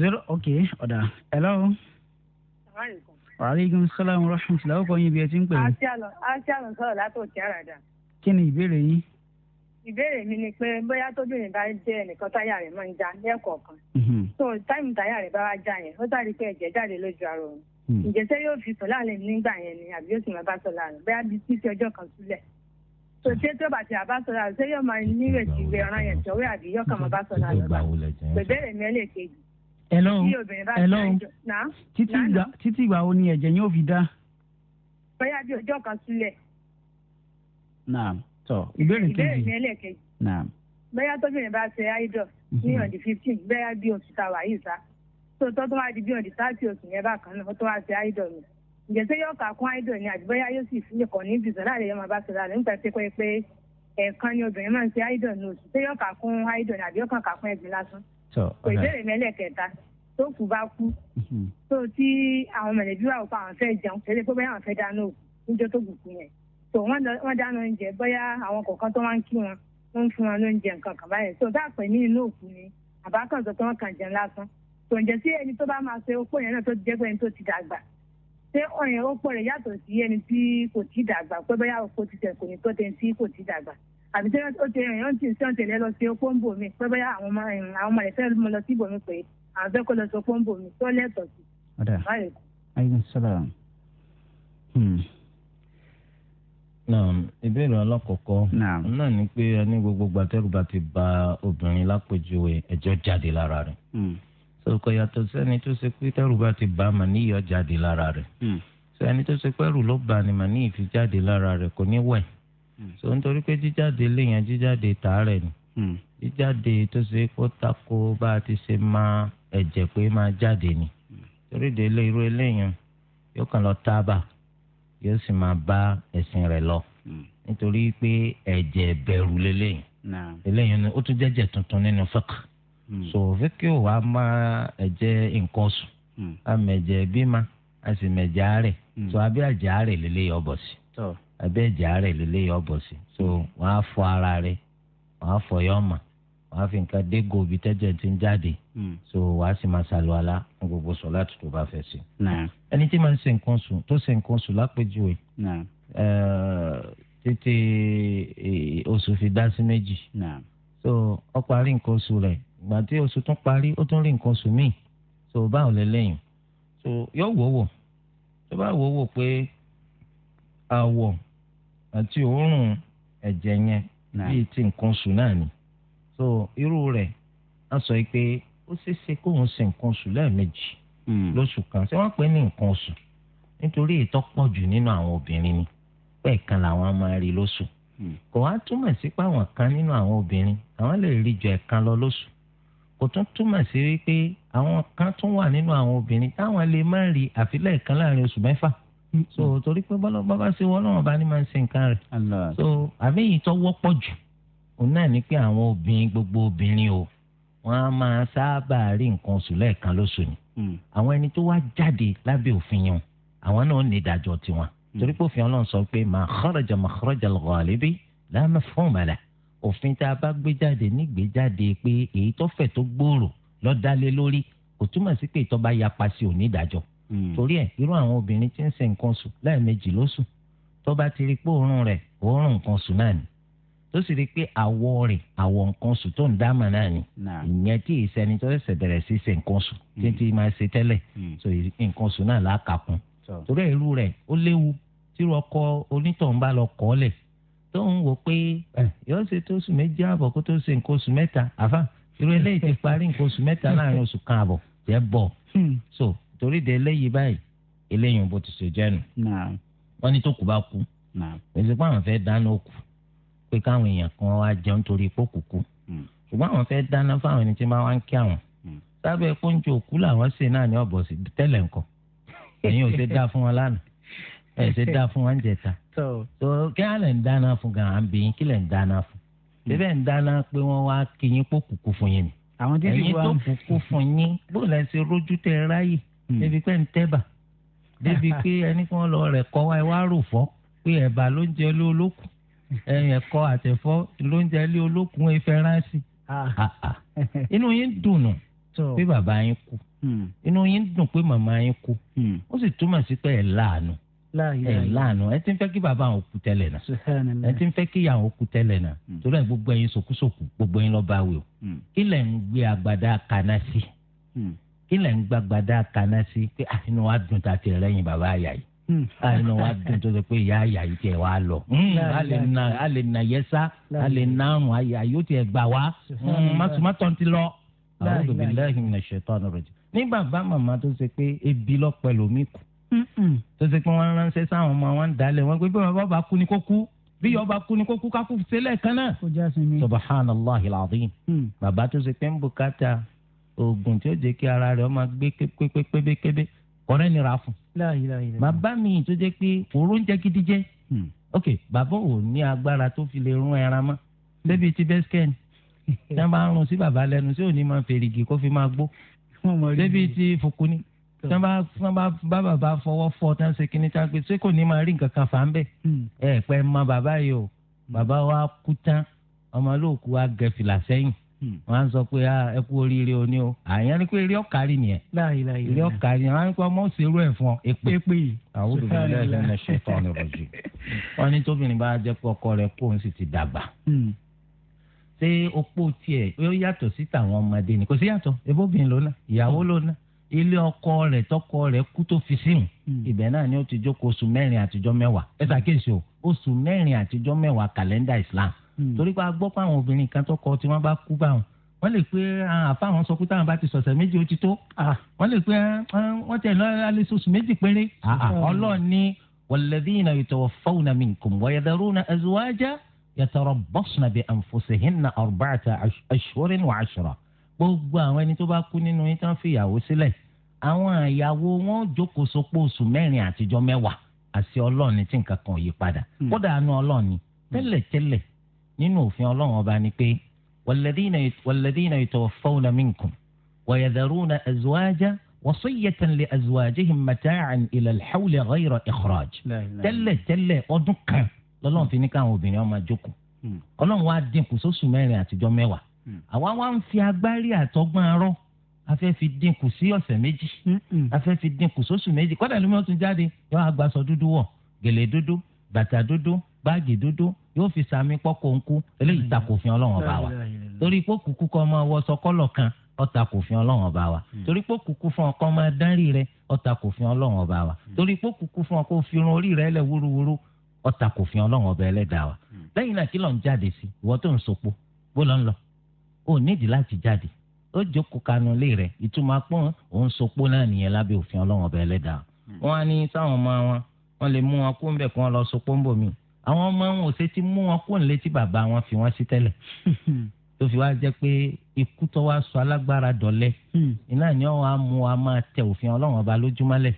zero ok ọ̀dà hello. wàhálà ìgbìmọ̀ sọ́lá ọ̀rọ̀ ṣùgbọ́n ìbí ẹ ti ń pè é. àti àlọ́ sọ̀rọ̀ látò tí àràdà kí ni ìbéèrè yín. ìbéèrè mi ni pé bóyá tóbìnrin bá jẹ́ ẹnìkan táyà rẹ̀ máa ń já lẹ́ẹ̀kọ̀ọ̀kan mhm. so táìmù táyà rẹ̀ bá wá já yẹn ó sáré pé ẹ̀jẹ̀ jáde lójú ara òun hmm. ǹjẹ́ sẹ́ yóò fi sọ láàrin nígbà yẹn ni àbí yóò sì máa bá sọ láàrin bóyá bíi títí ọjọ́ kan sílẹ̀ so ṣé tó bá ti àbá sọ láàrin ṣé yóò máa nírètí ìwé ọ̀ràn yẹn tọ́wé àbí yóò kàn máa bá sọ láàrin bá bẹ̀bẹ̀rẹ̀ mi ẹlẹ́ẹ̀kejì. hello hello títí ìgbà wo ni ẹ̀jẹ̀ yóò fi dá. bóyá bíi ọjọ́ naam tọ ìbéèrè kejì ìbéèrè ní ẹlẹ́ẹ̀kejì naam bẹ́ẹ̀ tóbìnrin bá ṣe idol ní mhm. ọ̀dì fifteen bẹ́ẹ̀ bí oṣù ta wàyí sá tó tọ́ tó wá di bí ọ̀dì thirty oṣù yẹn bá kan náà tó wá ṣe idol mi ǹjẹ́ sẹ́ yọ̀ọ̀ka kún idol ni àti bẹ́ẹ̀ yóò sì fi kàn ní ibìsọ̀ láàrin yẹn máa bá ṣe láàrin nípa ṣe pé ẹ̀ẹ̀kan ni obìnrin máa ń ṣe idol ní oṣù sẹ́ yọ̀ọ̀ka kún idol ni àbí yọ̀ọ̀kan kún ẹ̀gbin lásán so wọ́n dáná oúnjẹ bóyá àwọn kọ̀ọ̀kan tó máa ń kí wọn wọ́n ń fún wọn lóúnjẹ nǹkan kan báyẹn so tá a ní inú òkú ni àbá kan sọ kàn jẹun lásán so ǹjẹ́ sí ẹni tó bá máa ṣe opó yẹn náà tó ti jẹ́ ẹni tó ti dàgbà ṣé ọ̀yàn opó rẹ̀ yàtọ̀ sí ẹni tí kò ti dàgbà pé bóyá opó ti tẹ̀ kò ní tó tẹ̀ tí kò ti dàgbà àbí tí wọ́n ti ẹ̀yàn ti ń sàn náà ìbéèrè alákọ̀ọ́kọ́ náà ni pé ẹni gbogbo gbàtẹ́rùbà ti ba obìnrin lápèjúwe ẹ̀jọ́ jáde lára rẹ̀ hmm. sọkọ yàtọ̀ sẹ́ni tó ṣe pé tẹ́rùbà ti ba mà jáde lára rẹ̀ hmm. sẹ́ni tó ṣe ló ni mà ní ìfi jáde lára rẹ̀ kò ní wẹ̀ hmm. so nítorí pé jíjáde léèyàn jíjáde tààrẹ̀ ni jíjáde tó ṣe kó tako bá a ti ṣe máa ẹ̀jẹ̀ pé máa jáde ni torí de yóò sì máa bá ẹ̀sìn rẹ̀ lọ hmm. nítorí pé ẹ̀jẹ̀ bẹ̀rù lélẹ́yìn eléyìí ni ó tún tuntun nínú fẹ́k hmm. so fẹ́kì maa wá máa ẹ̀jẹ̀ nǹkan sùn àmẹ̀jẹ̀ hmm. bímọ àsìmẹ̀jẹ̀ àárẹ̀ so abẹ́ ẹ̀jẹ̀ àárẹ̀ lélẹ́yìn ọ̀bọ̀ sí abẹ́ ẹ̀jẹ̀ àárẹ̀ lélẹ́yìn ọ̀bọ̀ sí so wọ́n á fọ ara rẹ̀ wọ́n á fọ wàá fi nǹkan dé gòbí tẹ́jẹ̀ tí ń jáde hmm. so wàá sì máa ṣàlùwàlá ní gbogbo sọ̀láàtì tó bá fẹ́ sí. ẹni tí máa ń ṣe nǹkan sùn tó ṣe nǹkan sùn lápèjúwe eh, títí eh, oṣù fi dá sí méjì so ó parí nǹkan oṣù rẹ̀ ìgbà tí oṣù tún parí ó tún rí nǹkan oṣù míì so báwo lè lẹ́yìn so yóò wò wò tó bá wò wò pé àwọ̀ àti òórùn ẹ̀jẹ̀ yẹn bíi ti nǹkan oṣù náà ni so irú rẹ̀ wọ́n sọ pé ó ṣeéṣe kóun ṣe nǹkan oṣù lẹ́ẹ̀mejì hmm. lóṣù kan ṣé wọ́n pè ní nǹkan oṣù nítorí ìtọ́pọ̀ jù nínú àwọn obìnrin ni pẹ́ẹ́ kan làwọn máa rí lóṣù hmm. kò wá túmọ̀ sí pé àwọn kan nínú àwọn obìnrin àwọn lè rí ju ẹ̀kan lọ lóṣù kò tún túmọ̀ sí wípé àwọn kan tún wà nínú àwọn obìnrin táwọn lè má rí àfi lẹ́ẹ̀kan láàrin oṣù mẹ́fà hmm. so torí pé bọ́lá bàbá ṣe wọ́n náà bá ní máa ń ṣe nǹkan rẹ̀ so àbí èyí wọ́pọ̀ jù òun náà ní pé àwọn obìnrin gbogbo obìnrin o wọn á máa sábà rí nǹkan oṣù lẹ́ẹ̀kan lóṣù ni hmm. àwọn ẹni tó wá jáde lábẹ́ òfin yẹn àwọn náà ní ìdájọ́ tiwọn hmm. torí pé òfin Ọlọ́run sọ pé ma kharaja makhraja al-ghalibi la mafhuma lahu òfin tá a bá gbé jáde nígbé jáde pé èyí tó fẹ̀ tó gbòòrò ló lórí kò túmọ̀ sí pé ìtọ́ba yapa sí onídàájọ́ hmm. torí ẹ̀ irú àwọn obìnrin tí ń ṣe nǹkan oṣù lẹ́ẹ̀mejì lóṣù tó ti rí pé òórùn rẹ̀ òórùn nǹkan oṣù náà ni tó sì rí i pé àwọ̀ rẹ̀ àwọ̀ nǹkan sùn tó ń dámà náà ni ìyẹn tí ìsẹni tó ṣẹ̀ṣẹ̀ bẹ̀rẹ̀ sí ṣe nǹkan sùn títí hmm. máa ṣe tẹ́lẹ̀ hmm. so nǹkan sùn náà lákàkún torí irú rẹ̀ ó léwu tírú ọkọ onítọ̀hún bá lọ kọ́ lẹ̀ tó ń wò pé eh, yóò ṣe tó sùn méjì àbọ̀ kó tó ṣe nǹkan sùn mẹ́ta àfà irú eléyìí ti parí nǹkan sùn mẹ́ta láàrin oṣù kan àbọ̀ jẹ́ bọ̀ hmm. so torí de eléyìí báyìí eléyìí bó ti ṣe jẹ́ nu wọ́n ní tó kù bá kú èsì pé fẹ́ dáná òkú pé káwọn èèyàn kan wá jẹun torí ipò kúkú hmm. ṣùgbọ́n àwọn fẹ́ẹ́ dáná fáwọn ẹni tí wọ́n wá ń kí àwọn hmm. sábẹ́ pọ́ńjọ òkú làwọn ṣe náà ní ọ̀bọ̀ sí tẹ́lẹ̀ nǹkan ẹ̀yin ò ṣe dá fún wọn lánàá ẹ̀ ṣe dá fún wọn jẹta tó kí á lẹ̀ ń dáná fún gan an bìyín kí lẹ̀ ń dáná fún bíbẹ̀ ń dáná pé wọ́n wá kí yín pò kúkú fún yín ni àwọn tó kúkú fún yín bó lẹ ẹ̀yìn ẹ̀kọ́ àtẹ̀fọ́ lóúnjẹ ilé olókùn ìfẹ́ ránṣì ah. inú yín dùnù pé bàbá yín kú hmm. inú yín dùn pé màmá yín kú hmm. ó sì túmọ̀ sí pé ẹ̀ láàánú ẹ láàánú ẹ ti ń fẹ́ kí bàbá àwọn òkú tẹ́lẹ̀ náà ẹ ti ń fẹ́ kí àwọn òkú tẹ́lẹ̀ náà hmm. torí ẹ gbogbo ẹ̀yin sòkúsòkú gbogbo ẹ̀yin lọ́ọ́ bá o kí lẹ̀ ń gbé agbada kaná sí kí lẹ̀ ń gbàgbada kaná sí pé àtinú ah, wa dùn tàtí rẹ̀ yìn bàbá àyà yìí Hmm. àìnà wa dùn tó ṣe pé ìyá àyà yìí tiẹ̀ wá lọ hmm. Hmm. a lè nà yẹsà a lè nà àrùn àyà yóò tiẹ̀ gbà wá mọ́tòmọ́tò ti lọ. àwọn òbí lẹ́yìn ní ṣètò ọ̀nà rẹ̀ ní bàbá màmá tó ṣe pé ebi lọ́pẹ́ lómi kù tó ṣe pé wọ́n ránṣẹ́ sáwọn ọmọ wọn dalẹ̀ wọn pé bí bàbá bá kú ni kó kú bí yọba kú ni kó kú ká kú sílẹ̀ kan náà subhanallahi alazim bàbá tó ṣe pé ń bùkátà oògùn tí ó jẹ́ kí ara rẹ̀ ọmọ gbé kébékébé ọ̀rẹ́ nira fún bàbá mi tó jẹ́ pé òru ń jẹ́ gidi jẹ́ hmm. ok bàbá ò ní agbára tó fi lè rún ẹran mọ́ débi ti bẹ́sikẹ́ni tí wọ́n bá ń rún sí bàbá lẹ́nu sí òní máa fèrègì kó fi máa gbó débi ti fukuni tí wọ́n bá bá bàbá fọwọ́ fọ́ tí wọ́n ṣe kíní tí wọ́n pe ṣé kò ní máa rí nǹkan kan fà ń bẹ̀ hmm. ẹ̀ pẹ́ mọ bàbá yìí o hmm. bàbá wa kú tán ọmọ wa gẹ̀fìlà sẹ́yìn Hmm. wọn á sọ pé ẹ kú oríire o ní o àyàn ni pé eré ọ̀kárí nìyẹn eré ọ̀kárí nìyẹn wọn á ní pé ọmọ òṣèlú ẹ̀ fún ọ èpè àwọn olùdarí ẹ̀ lẹ́nu ẹ̀ṣẹ̀ tán ni rọ̀jù wọn ní tóbìnrin bá jẹ́ pé ọkọ rẹ̀ kóun sì ti dàgbà hmm. ṣé opó tiẹ̀ ó yàtọ̀ sí tàwọn ọmọdé ni kò sí yàtọ̀ ebóbìnrin lónà ìyàwó hmm. lónà ilé ọkọ rẹ̀ tọkọ rẹ̀ kú tó fi sí ibẹ̀ náà ni ó ti jókòó oṣù mẹ́rin àtijọ́ mẹ́wàá ẹ ṣàkíyèsí o oṣù mẹ́rin àtijọ́ mẹ́wàá kàlẹ́ndà Islam Hmm. torí pé a gbọ́ pé àwọn obìnrin kan tó kọ tí wọ́n bá kú bá wọn wọ́n lè pé àfa àwọn sọ pé táwọn bá ti sọ̀sẹ̀ méjì ó ti tó wọ́n lè pé wọ́n tẹ̀ lọ́ọ́ alẹ́ méjì péré ọlọ́ọ̀ni walladhina yatawaffawna minkum wa yadharuna azwaja yatarabbasna bi anfusihinna arba'ata ashhurin wa 'ashra gbogbo àwọn ẹni tó bá kú nínú yín tán fìyàwó sílẹ̀ àwọn ìyàwó wọn jókòó sopó oṣù nínú òfin ọlọ́run ọba ni pé walladhina yatawaffawna minkum wa yadharuna azwaja وصية لأزواجهم متاعا إلى الحول غير إخراج تلة تلة أدوكا lọ́lọ́run fi ní káwọn obìnrin ọmọ jókòó hmm. ọlọ́run wá dínkù sóṣù mẹ́rin àtijọ́ mẹ́wàá hmm. àwa wá ń fi agbárí àtọgbọ́n arọ́ afẹ́ fi dínkù sí ọ̀sẹ̀ méjì hmm, afẹ́ fi dínkù sóṣù méjì kọ́dà ló mọ́ tún jáde yọ àgbàsọ dúdú wọ̀ gèlè dúdú bàtà dúdú báàgì dúdú yóò fi sàmì pọ́kọ́ ńkú eléyìí mm. ta kò fin ọlọ́run ọba wa torí pé kúkú kọ́ máa wọ sọkọ́lọ̀ kan ọ̀tà kò fin ọlọ́run ọba wa mm. torí pé kúkú fún ọkọ́ máa dánrí rẹ ọ̀tà kò fin ọlọ́run ọba wa mm. torí pé kúkú fún ọkọ́ fi irun orí rẹ lẹ̀ wúruwúru ọ̀tà kò fin ọlọ́run ọba ẹlẹ́dàá wa lẹ́yìn náà kí ló ń jáde sí ìwọ tó ń sopọ̀ bó lọ ń lọ ò nídìí láti jáde ó jókòó kanu lé àwọn ọmọ wọn ò ṣe ti mú wọn kó nílé tí bàbá wọn fi wọn sí tẹ́lẹ̀ tó fi wá jẹ́ pé ikú tó wá sọ alágbára dọ̀lẹ hmm. iná ni wọn á mú wa máa tẹ òfin Ọlọ́run ọba lójúmọ́lẹ̀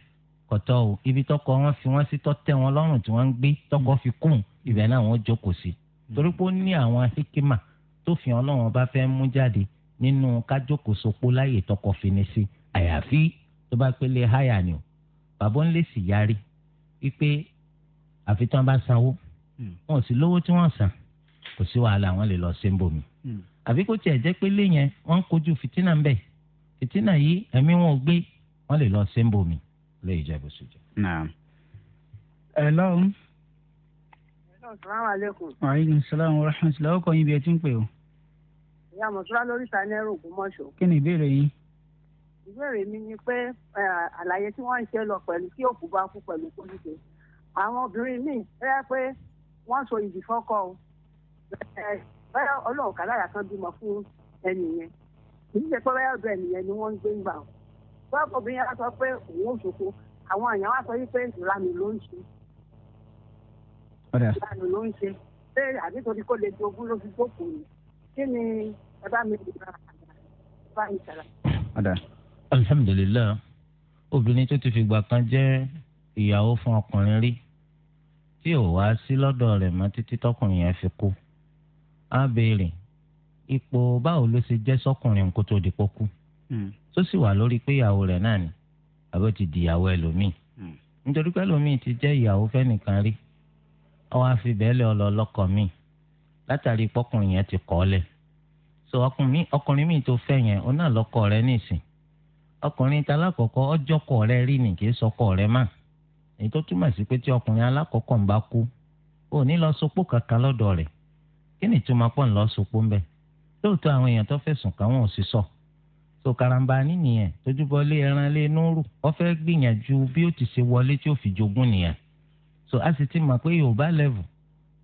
kọtọ o ibi tọkọ wọn fi wọn sí tọtẹ wọn lọ́rùn tí wọn ń gbé tọkọ hmm. fi kún ibẹ̀ náà wọn jókòó sí hmm. torí pé ó ní àwọn hikima tó fi Ọlọ́run ọba fẹ́ mú jáde nínú kájókòó sopó láyè tọkọ fini sí àyàfi tó bá pélé háyà ni o bàbá ń lè sì yarí wípé àfi tí wọn bá sanwó Hmm. wọn ò sí lówó tí wọ́n san kò sí wàhálà wọn lè lọ sí ń bomi. Hmm. àbí kó tiẹ̀ jẹ́ pé lé yẹn wọ́n ń kojú fìtínà ńbẹ̀ fìtínà yìí ẹ̀mí wọn ò gbé wọ́n lè lọ sí ń bomi lè jẹ́ bó ṣe jẹ́. hello. assalamu alaikum. wa alaikum salaam wa rahmatullahi ọkọ yín bí ẹ ti ń pè o. ìyá mọ̀túrà lórí sanẹ́rù Ògbómọ̀ṣọ́. kí ni ìbéèrè yín ìbéèrè mi ni pé àlàyé tí wọ́n ń ṣe lọ pẹ̀lú kí òkú bá kú pẹ̀lú kóníṣe àwọn obìnrin míì rẹ́ pé wọ́n sọ ìdí fọ́kọ o bẹ́ẹ̀ ọlọ́run kàlára kan bímọ fún ẹnì yẹn kìí ṣe pé bẹ́ẹ̀ ọ̀dọ̀ ẹnì yẹn ni wọ́n ń gbé gbà o bọ́ọ̀kọ̀ bí yẹn wá sọ pé òun ò ṣòfò àwọn èèyàn wá sọ wípé ìlànà ló ń ṣe ìlànà ló ń ṣe pé àbí torí kó lè di ogún ló fi gbókùn ni kí ni ẹ bá mi dìbò bá mi sàrà. alhamdulilayi obìnrin tó ti fìgbà kan jẹ́ ìyàwó fún ọkùnrin rí tí ò wá sí lọ́dọ̀ rẹ̀ mọ́ títí tọkùnrin yẹn fi kú á béèrè ipò báwo ló ṣe jẹ́ sọkùnrin kó tó di kú hmm. tó sì wà lórí pé ìyàwó rẹ̀ náà ni àbí ó ti di ìyàwó ẹlòmíì hmm. nítorí pé ti jẹ́ ìyàwó fẹ́nìkan rí ọwọ́ àfi bẹ́ẹ̀ lé ọlọ lọ́kọ míì látàrí pọ́kùnrin yẹn ti kọ́ lẹ̀ so ọkùnrin míì tó fẹ́ yẹn òun náà lọ́kọ rẹ̀ nísìn ọkùnrin talákọ̀ọ́kọ́ ọjọ́kọ̀ rẹ̀ rí rẹ̀ èyí tó túmọ̀ sí pé tí ọkùnrin alákọ̀ọ́kọ́ ń bá kú ò ní lọ sopó kankan lọ́dọ̀ rẹ̀ kí ni ìtumọ̀ pọ̀ ń lọ sopó ń bẹ̀ lóòótọ́ àwọn èèyàn tó fẹ̀sùn kàn wọ́n ò sì sọ so karamba nìyẹn tójúbọlé ẹran lé núrù wọ́n fẹ́ gbìyànjú bí ó ti ṣe wọlé tí ó fi jogún nìyẹn so a sì ti mọ̀ pé yorùbá level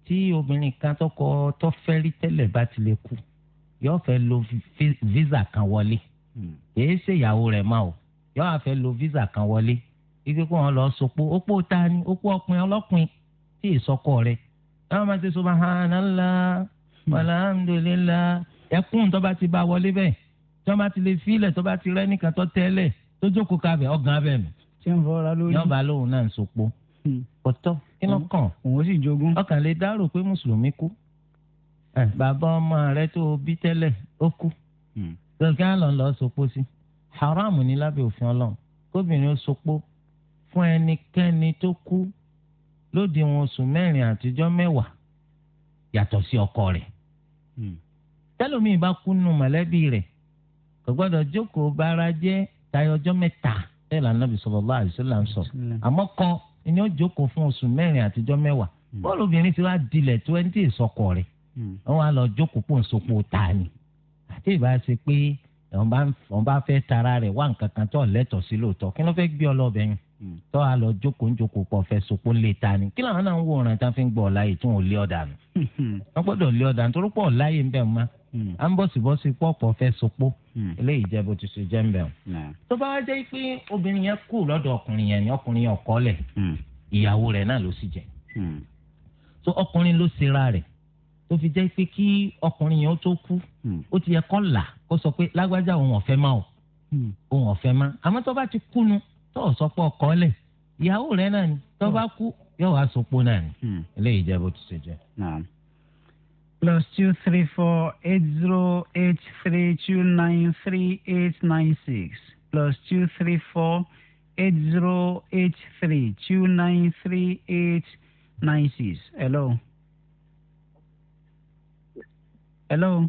tí obìnrin kan tọkọ tó fẹ́ rí tẹ́lẹ̀ bá ti lè kú yóò fẹ́ lo visa kan wọlé hmm. kì í ṣèyàwó rẹ̀ mọ́ o yóò fẹ́ lo visa kan wọlé ike kó wọn lọ sopó opó ta ni opó ọkùnrin ọlọ́kùnrin tí ìsọkọ rẹ̀ táwọn máa ti subhanallah walhamdulillah ẹkún tó bá ti bá wọlé bẹ́ẹ̀ tó bá ti lè fílẹ̀ tó bá ti rẹ́ nìkan tó tẹ́lẹ̀ tó jókòó kabẹ̀ ọ̀gán abẹ́ mi. ṣé ń fọra lórí. yọba lóhùn náà ń sopó. ọ̀tọ̀ hmm. kí ló kàn. òun sì jogún. ọkàn lè dárò pé mùsùlùmí kú bàbá ọmọ rẹ tó bí tẹ́lẹ̀ ó kú gbọ̀ngàn lọ́n lọ́ọ́ sopó sí haramu ní lábẹ́ òfin ọlọ́run kóbìnrin ó sopó fún ẹnikẹ́ni tó kú lódiwọ̀n oṣù mẹ́rin àtijọ́ mẹ́wàá yàtọ̀ sí ọkọ rẹ̀ hmm. tẹlomi bá kú nù mọ̀lẹ́bí rẹ̀ kò gbọ́dọ̀ jókòó bára jẹ́ tayọ ọjọ́ mẹ́ta bẹ́ẹ̀ lànà bí sallallahu alaihi wasallam sọ àmọ́ kan ni ó jókòó fún oṣù mẹ́rin àtijọ́ mẹ́wàá hmm. bọ́ọ̀lù obìnrin ti wá dilẹ̀ tó ẹni tí ìsọkọ rẹ̀ hmm. wọ́n wá lọ jókòó pò ń ta ni àti ìbá ṣe pé wọ́n bá fẹ́ tara rẹ̀ wá nǹkan kan tó lẹ́tọ̀ọ́ sí lóòótọ́ kí ló fẹ́ gbé ọ lọ́ọ́ bẹ́yìn. Hmm. tọ́ a lọ jókòó jókòó pọ̀ fẹ́ sopó lè ta ni kí làwọn náà ń wòran tá a fi ń gbọ́ ọ̀la yìí tí wọ́n lé ọ̀dà nù. Hmm. wọ́n gbọ́dọ̀ lé ọ̀dà nítorí pọ̀ ọ̀la yìí ń bẹ̀ mọ́ hmm. à ń bọ̀sibọ́sí pọ̀ pọ̀ fẹ́ sopó eléyìí jẹ́ bó ti ṣe jẹ́ ń bẹ̀ wọn. tó bá wá jẹ́ pé obìnrin yẹn kù lọ́dọ̀ ọkùnrin yẹn ni ọkùnrin yẹn ọkọ lẹ̀ ìyàwó rẹ̀ náà ló sì jẹ́. tó ọkùnrin ló ṣera rẹ̀ tó fi jẹ́ pé kí ọkùnrin yẹn ó tó kú ó ti yẹ kọ́ là kó sọ pé lágbájá òun ọ̀fẹ́ máa ò òun ọ̀fẹ́ máa àmọ́ tó bá ti kúnu tó o sọ ìyàwó rẹ náà ni tó bá kú yóò wá sopọ̀ náà ni hmm. eléyìí jẹ́ bó ti ṣe jẹ́. plus two three four eight zero eight three two nine three eight nine six plus two three four eight zero eight three two nine three eight nine six. hello. hello.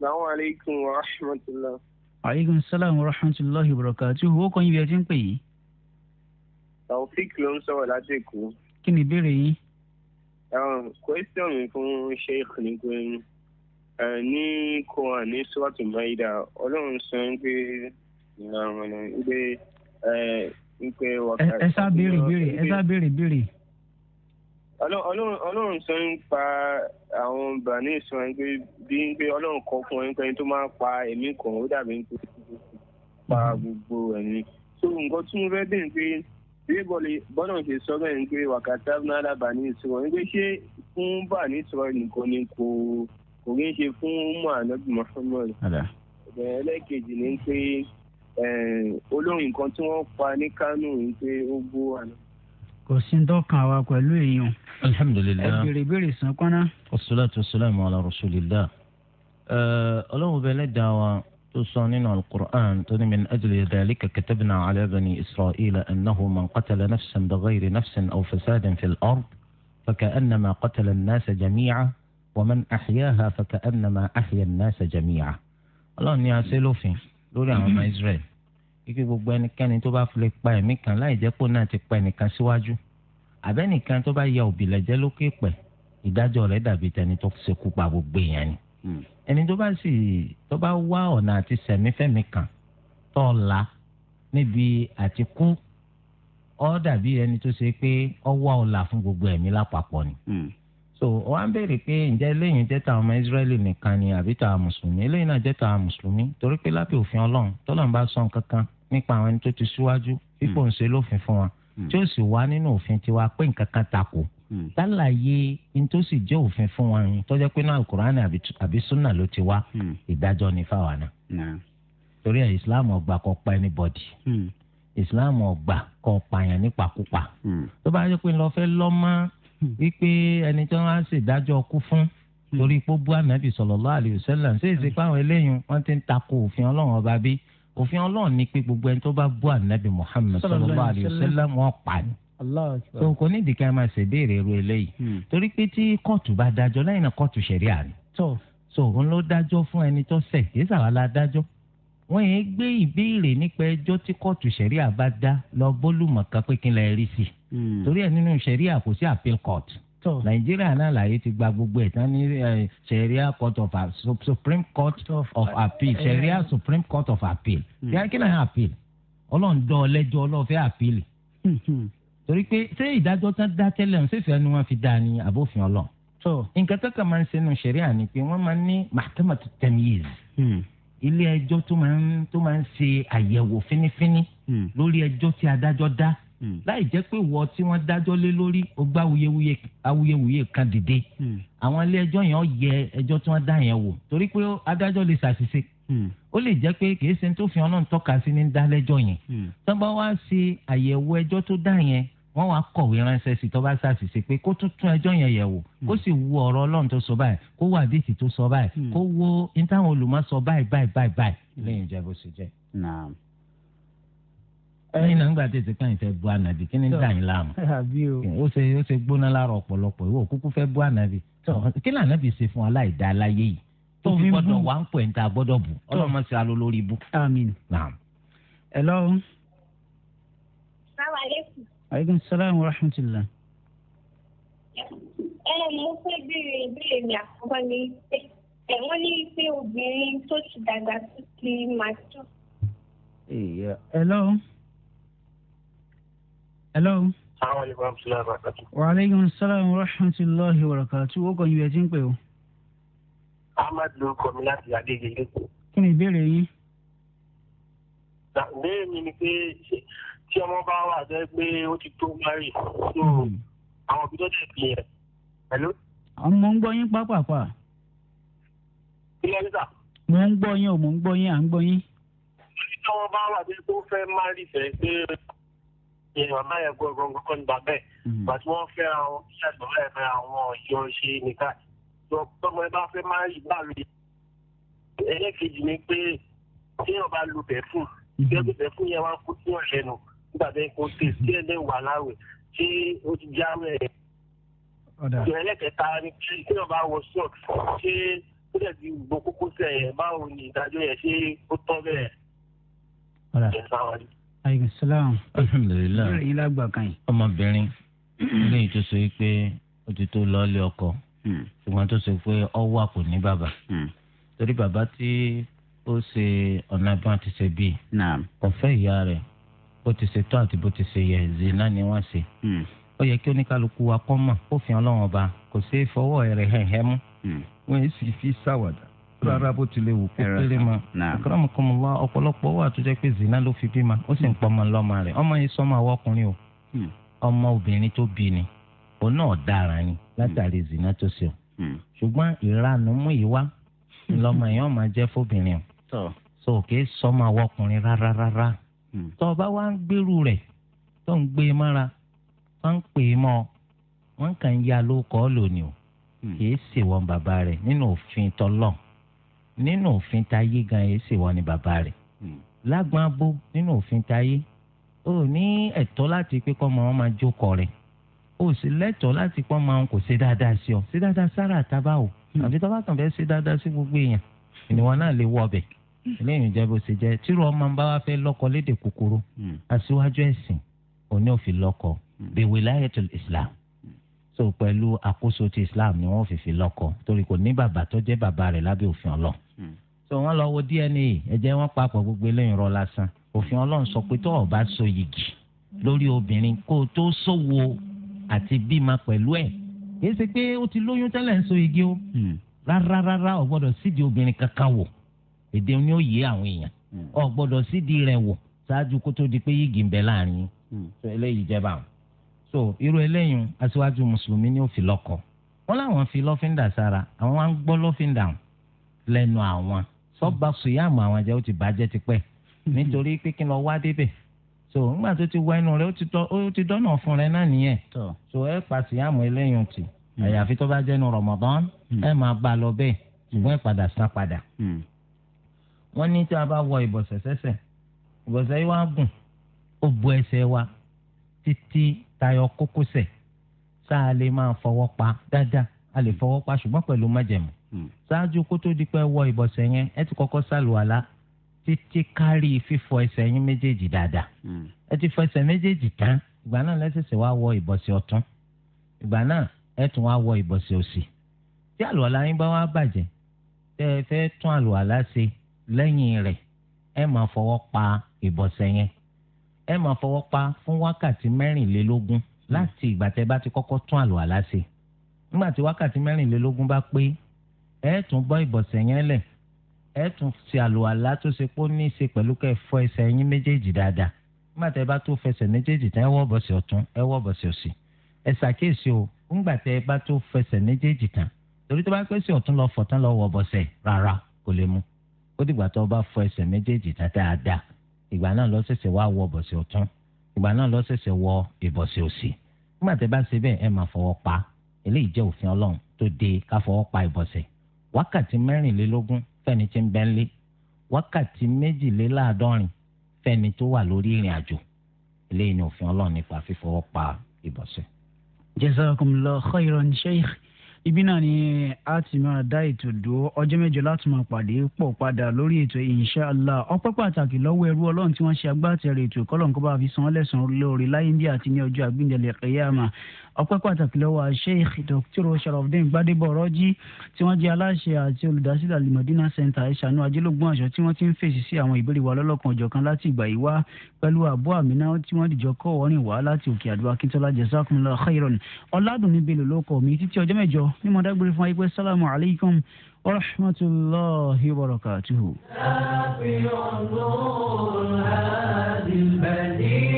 salaamaleykum wa rahmatulah aleykum salaam wa rahmatulahi wa barakatuhu owó kan yín bí ẹ ti ń pè yìí. taofik ló ń sọ̀rọ̀ láti èkó. kí ni ìbéèrè yín. kwesíọ̀nù um, fún sheikh ni pé uh, ní koran ní sọ́ọ̀tù maida ọlọ́run sọ pé ìlànà ìgbé uh, ìpè wákàtí. ẹ ṣáà béèrè béèrè ẹ ṣáà béèrè béèrè ọlọ́run sọ nípa àwọn bani sọ pé bí ń pé ọlọ́run kọ fún ẹni pé ẹni tó máa pa ẹ̀mí kan ó dàbí ń pé pa gbogbo ẹ̀mí. so nǹkan tí mo fẹ́ dé pé bí bọ́lá ṣe sọ bẹ́ẹ̀ ni pé wàkàtà náírà bani sọ ni pé ṣé fún bani sọ nìkan ni kò kò kí ń ṣe fún muhammed muhammed. ẹlẹ́kejì ni pé olórin kan tí wọ́n pa ní kánò ni pé ó gbó àná. kò sí ń dọ́kan wa pẹ̀lú èèyàn. alhamdulilayi ẹ bèrè ìbéèrè sàn kọ́nà. wasalaatu wasalaamu ala rasulillah. ọlọ́run bẹ́ẹ̀ lẹ́dá wa tó sọ nínú alukur'an tó ní min ajli dhalika katabna ala bani isra'ila annahu man qatala nafsan bighayri nafsin aw fasadin fil ard فكأنما قتل الناس جميعا ومن أحياها ma أحيا الناس جميعا الله ni a ṣe lófin lórí àwọn ọmọ israel. kíkẹ́ gbogbo ẹnikẹ́ni tó bá filẹ̀ pa ẹ̀mí kan láì jẹ́ pé náà ti pa ẹnìkan síwájú àbẹ́nìkan tó bá ya òbílẹ̀ jẹ́ lókè pẹ̀ ìdájọ́ rẹ̀ dàbí tẹni tó ṣekú pa gbogbo èèyàn ni. Hmm. ẹni tó bá sì tó bá wá ọ̀nà àti sẹ̀mífẹ̀mí kan tó la níbi àti kú ọ́ dàbí ẹni tó ṣe pé ọ́ wá ọ̀la fún gbogbo ẹ̀mí lápapọ̀ ni. Hmm. so wọ́n á béèrè pé ǹjẹ́ eléyìí jẹ́ tàwọn ọmọ Israẹli nìkan ni àbí tàwọn mùsùlùmí eléyìí náà jẹ́ tàwọn mùsùlùmí torí pé lábẹ́ òfin Ọlọ́run tọ́lọ́run bá sọ nǹkan kan nípa àwọn ẹni tó ti síwájú pípò hmm. ń ṣe lófin fún wa hmm. tí ó sì wá nínú òfin tiwa pé nǹkan kan takò tálàyé hmm. ní tó sì jẹ́ òfin fún wa yín tọ́jọ́ pé náà alukur'ani àbí sunna ló ti wá ìdájọ́ ní fáwa náà torí ẹ̀ islam ọgbà kò pa anybody islam ọgbà kò pààyàn nípakúpa tó bá yẹ pé lọ fẹ́ lọ́mọ wípé ẹni tí wọ́n á sì dájọ́ kú fún torí pé ànábì sallallahu alaihi wasallam ṣé eléyìí wọ́n ti ń takò òfin ọlọ́run ọba bí òfin ọlọ́run ni pé gbogbo ẹni tó bá bú ànábì muhammed sallallahu alayhi wa sallam wọn pa ni tó kò ní ìdíkà máa ṣèbéèrè irú eléyìí hmm. torí pé tí kóòtù bá dájọ́ lẹ́yìn náà kóòtù ṣẹ̀ríà ni so òun ló dájọ́ fún ẹni tó ṣẹ̀ kí sàwọn la dájọ́ wọ́n yẹn gbé ìbéèrè nípa ẹjọ́ tí kóòtù ṣẹ̀ríà bá dá lọ bólúmọ̀ kan pé kí n lè rí sí i hmm. torí ẹ̀ nínú ṣẹ̀ríà kò sí appeal nàìjíríà náà làyè ti gba gbogbo ẹ̀ tán ní sẹ̀ríà court of eh. supreme court of appeal sẹ̀ríà supreme court of appeal yàrá kí náà appeal ọlọ́run dán ọ lẹ́jọ́ ọlọ́fẹ́ appeal hmm. torí pé ṣé ìdájọ́ tán dá tẹ́lẹ̀ ń ṣèfẹ́ ni wọ́n fi dá ní àbófin ọlọ́ nǹkan tó kà máa ń ṣẹnu sẹ̀ríà ni pé wọ́n máa ń ní mahkamatu tamyiz hmm. ilé ẹjọ́ tó máa ń ṣe àyẹ̀wò fínífíní hmm. lórí ẹjọ́ tí adájọ́ dá Hmm. láì jẹ́ pé wọ́n tí wọ́n dájọ́ lé lórí ó gbá awuyewuye awuyewuye kan dìde hmm. àwọn ilé ẹjọ́ yẹn yẹ ẹjọ́ tí wọ́n dá yẹn wò torí pé adájọ́ lè ṣàṣìṣe hmm. ó lè jẹ́ pé kìí ṣe tó fi ọlọ́run tọ́ka sí ní dálẹ́jọ́ yẹn tó bá wá ṣe àyẹ̀wò ẹjọ́ tó dá yẹn wọ́n wá kọ̀wé ránṣẹ́ sí tó bá ṣàṣìṣe pé kó tún tún ẹjọ́ yẹn yẹ̀ wò kó sì wo ọ̀rọ̀ ọlọ́run tó sọ báyìí kó wo àdéhìí tó sọ báyìí kó wo ní táwọn olùmọ̀ sọ báyìí báyìí báyìí báyìí lẹ́yìn ìjẹ́bù sì jẹ́ ẹyin náà gbà tètè pé àyìnfẹ́ bu ànàbì kí ni ń dàyìn láàmú ó ṣe ó ṣe gbóná lára ọ̀pọ̀lọpọ̀ ìwọ òkúkú fẹ́ bu ànàbì kí ni ànàbì ṣe fún aláìdá aláyé yìí tó fi gbọ́dọ̀ wá ń pọ̀ ẹ̀ńtà gbọ́dọ̀ bù ọlọ́mọ sí alo lórí bù. àmín. hello. salaamaleykum. aleykum salaam wa rahmatulah. ẹ mo fẹ́ béèrè ìbéèrè mi àkọ́kọ́ ni ẹ wọ́n ní pé obìnrin tó ti dàgbà tó ti máa tó. hello hello. àwọn ìlú wa ṣùgbọ́n àbá kàtó. wa aleykum salaam wa rahmatulahi wa barakatuh ó kàn yín ẹ ti ń pè o. ahmad ló kọ mi láti adégeyé. kí ni ìbéèrè yín. ìbéèrè mi ni pé tí ọmọ bá wà jẹ́ pé ó ti tó mari so hmm. àwọn òbí tó dẹ̀ fi yẹn. hello. mo ń gbọ́ yín pápápá. ilé ẹ̀ka. mo ń gbọ́ yín o mo ń gbọ́ yín à ń gbọ́ yín. tí ọmọ bá wà jẹ́ pé ó fẹ́ mari fẹ́ ìyẹn màmá yẹn gbọ́ gbọ́ngàn kọ́ nígbà bẹ́ẹ̀ mm-hmm. bàtí wọ́n fẹ́ àwọn iṣẹ́ àgbọ̀n lẹ́ẹ̀ fẹ́ àwọn ìyọ̀ ṣe nìka tọmọ ẹ bá fẹ́ máa yí bá rí ẹlẹ́kejì ni pé téèyàn bá lu bẹ̀fún mm-hmm. ìgbẹ́gbẹ́ bẹ̀fún yẹn wá kó sí ọ̀lẹ́ nù nígbà bẹ́ẹ̀ kó tè sí ẹ̀ wà láwẹ̀ tí ó ti já rẹ̀ ẹlẹ́kẹta ni pé téèyàn bá wọ sọ́ọ̀t ṣé ó dẹ̀ ti gbọ́ kókó sẹ̀ yẹn báwo ni ìdájọ́ yẹn ṣé ó tọ́ bẹ́ẹ̀ aleykum salaam. alhamdulilayi ìbéèrè yín lágbà kan yìí. ọmọbìnrin eléyìí tó so yìí pé ó ti tó lọ́ọ́lé ọkọ hmm. ṣùgbọ́n tó so pé ọwọ́ àpò ní bàbá hmm. torí bàbá tí ó ṣe ọ̀nà bí wọ́n ti ṣe bíi ọ̀fẹ́ ìyá rẹ̀ bó ti ṣe tó àti bó ti ṣe yẹ zina ni wọ́n ṣe hmm. ó yẹ kí oníkálukú wa kọ́ mọ̀ kófin ọlọ́wọ́n ba kò sí fọwọ́ rẹ̀ hẹ̀hẹ́ mú wọ́n sì fi ṣàwàdà rárá bó tilẹ̀ wù kó péré ma akramakumullah ọ̀pọ̀lọpọ̀ wà tó jẹ́ pé zina ló fi bí ma ó sì ń ọmọ lọ́mọ rẹ̀ ọmọ yìí sọ́mọ àwọn ọkùnrin o hmm. ọmọ obìnrin tó bí ni náà dára ni látàrí hmm. zina tó ṣe o hmm. ṣùgbọ́n ìranù mú lọ́mọ jẹ́ fóbìnrin o so kì í sọ́mọ àwọn ọkùnrin rárá rárá tó o bá wá ń gbèrú rẹ̀ tó ń gbé wọ́n e ń pè é mọ́ wọ́n kàn ń lóko lónìí o kì í bàbá rẹ̀ nínú òfin tọ́lọ́ọ̀ nínú òfin táyé gan ẹ ṣèwọ ni bàbá rẹ̀ hmm. lágbọn abó nínú òfin táyé o ní ẹ̀tọ́ láti pé kọ́ ọmọ wọn máa jókòó rẹ̀ o sì lẹ́tọ̀ọ́ láti pọ́ máa ń kò ṣe dáadáa sí ọ ṣe dáadáa sára àtàbà o àfi tó bá kàn fẹ́ ṣe dáadáa sí gbogbo èèyàn ìníwọ̀n náà lè wọ ọbẹ̀ hmm. eléyìí jẹ́ bó ṣe jẹ́ tírú ọmọ bá wá fẹ́ lọ́kọ lédè kúkúrú hmm. aṣíwájú ẹ̀sìn òní òfin lọ́kọ bèwè láyẹ̀tò Islam so pẹ̀lú àkóso ti islam ni wọ́n fìfì lọ́kọ torí kò ní bàbá tó jẹ́ bàbá rẹ̀ lábẹ́ òfin ọlọ́ hmm. so wọ́n lọ wo dna ẹ̀jẹ̀ wọn papọ̀ gbogbo eléyìí rọ lásán òfin ọlọ́run sọ pé tó o bá so yìgì lórí obìnrin kó o tó sòwò àti bímọ pẹ̀lú ẹ̀ kìí ṣe pé ó ti lóyún tẹ́lẹ̀ ń so yìgì o hmm. rárá rárá gbọ́dọ̀ sídìí obìnrin kankan wò èdè ni ó yé àwọn èèyàn hmm. o gbọ́dọ̀ sídìí rẹ̀ wò ṣáájú kó tó di pé yìgì ń bẹ láàrin eléyìí jẹba àwọn so irú eléyìí aṣíwájú mùsùlùmí ni ó fi lọ́kọ wọn làwọn fi lọ́fíńdà sára àwọn wa ń gbọ́ lọ́fíńdà lẹ́nu àwọn sọ́ba sùyàmù àwọn jẹ́ ó ti bàjẹ́ tipẹ́ nítorí pé lọ wá débẹ̀ so nígbà tó ti wá inú rẹ ó ti dọ́nà fún rẹ náà nìyẹn so ẹ pa sùyàmù eléyìí tì hmm. àyàfi tó bá jẹ́ nu Ramadan hmm. ẹ máa bá a lọ bẹ́ẹ̀ hmm. ṣùgbọ́n ẹ padà sá padà wọ́n ní tí a bá wọ ìbọ̀sẹ̀ sẹ́sẹ̀ yìí wá gùn ó bu ẹsẹ̀ wa títí tayọ kókósẹ̀ sáà lè máa fọwọ́ pa dáadáa a lè fọwọ́ pa ṣùgbọ́n pẹ̀lú májẹ̀mú hmm. ṣáájú kó tó di pé wọ ìbọ̀sẹ̀ yẹn ẹ ti kọ́kọ́ ṣàlùwàlá títí kárí fífọ ẹsẹ̀ yín méjèèjì dáadáa hmm. ẹ ti fọ ẹsẹ̀ méjèèjì tán ìgbà náà lẹ́sẹ̀sẹ̀ wá wọ ìbọ̀sẹ̀ ọ̀tún ìgbà náà ẹ tún wá wọ ìbọ̀sẹ̀ òsì tí àlùwàlá yín bá wá bàjẹ́ tẹ́ ẹ fẹ́ tún àlùwàlá ṣe lẹ́yìn rẹ̀ ẹ máa fọwọ́ pa ìbọ̀sẹ̀ yẹn ẹ máa fọwọ́ pa fún wákàtí mẹ́rìnlélógún láti ìgbà tẹ́ bá ti kọ́kọ́ tún àlùwàlá ṣe nígbà tí wákàtí mẹ́rìnlélógún bá pé ẹ tún bọ́ ìbọ̀sẹ̀ yẹn lẹ̀ ẹ tún ṣe àlùwàlá tó ṣe pé ó ní í ṣe pẹ̀lú kẹ́ ẹ fọ ẹsẹ̀ yín méjèèjì dáadáa nígbà tẹ́ bá tó fẹsẹ̀ méjèèjì tán ẹ wọ́ bọ̀sẹ̀ ọ̀tún ẹ wọ́ bọ̀sẹ̀ òsì ẹ ṣàkíyèsí o nígbà tẹ́ bá tó fẹsẹ̀ méjèèjì tán torí tó bá pẹ́ sí ọ̀tún lọ fọ̀ lọ wọ́ bọ̀sẹ̀ rárá kò lè mú ó dìgbà tó bá fọ ẹsẹ̀ méjèèjì dáadáa ìgbà náà ló ṣẹ̀ṣẹ̀ wá wọ bọ̀sẹ̀ ọ̀tún ìgbà náà ló ṣẹ̀ṣẹ̀ wọ ìbọ̀sẹ̀ òsì nígbà tẹ́ bá ṣe bẹ́ẹ̀ ẹ máa fọwọ́ pa eléyìí jẹ́ òfin ọlọ́run tó de ká fọwọ́ pa ìbọ̀sẹ̀ wákàtí mẹ́rìnlélógún fẹ́ni tí ń bẹ ńlé wákàtí méjìléláàádọ́rin fẹ́ni tó wà lórí ìrìn àjò eléyìí ni òfin ọlọ́run nípa fífọwọ́ pa ìbọ̀sẹ̀. jazakumullahu khairan sheikh ibi náà ni a ti máa dá ètò dúró ọjọ́ mẹ́jọ láti máa pàdé pọ̀ padà lórí ètò inshallah ọpẹ́ pàtàkì lọ́wọ́ ẹrú ọlọ́run tí wọ́n ṣe agbátẹrù ètò ìkọlọ́nkọ́ bá fi san án lẹ́sàn-án lórí láyé ń àti ní ọjọ́ àgbéǹdẹ̀lẹ̀ kẹyàmà ọpẹ́ pàtàkì lọ́wọ́ sheikh dr sharafdin gbadebo ọrọ́jì tí wọ́n jẹ́ aláṣẹ àti olùdásílẹ̀ alimadina center ìṣànú ajẹ́lógún àṣọ tí wọ́n ti ń fèsì sí àwọn ìbéèrè wa lọ́lọ́kan ọ̀jọ̀kan láti ìgbà yìí wá pẹ̀lú àbú àmínà tí wọ́n dìjọ kọ́ ọ̀rìn wá láti òkè àdó akíntola jazakumullahu khairan ọ̀làdùnní bello ló kọ́ mi títí ọjọ́ mẹ́jọ ní mo fún ayípẹ́ sálámù aleykum wa rahmatulahi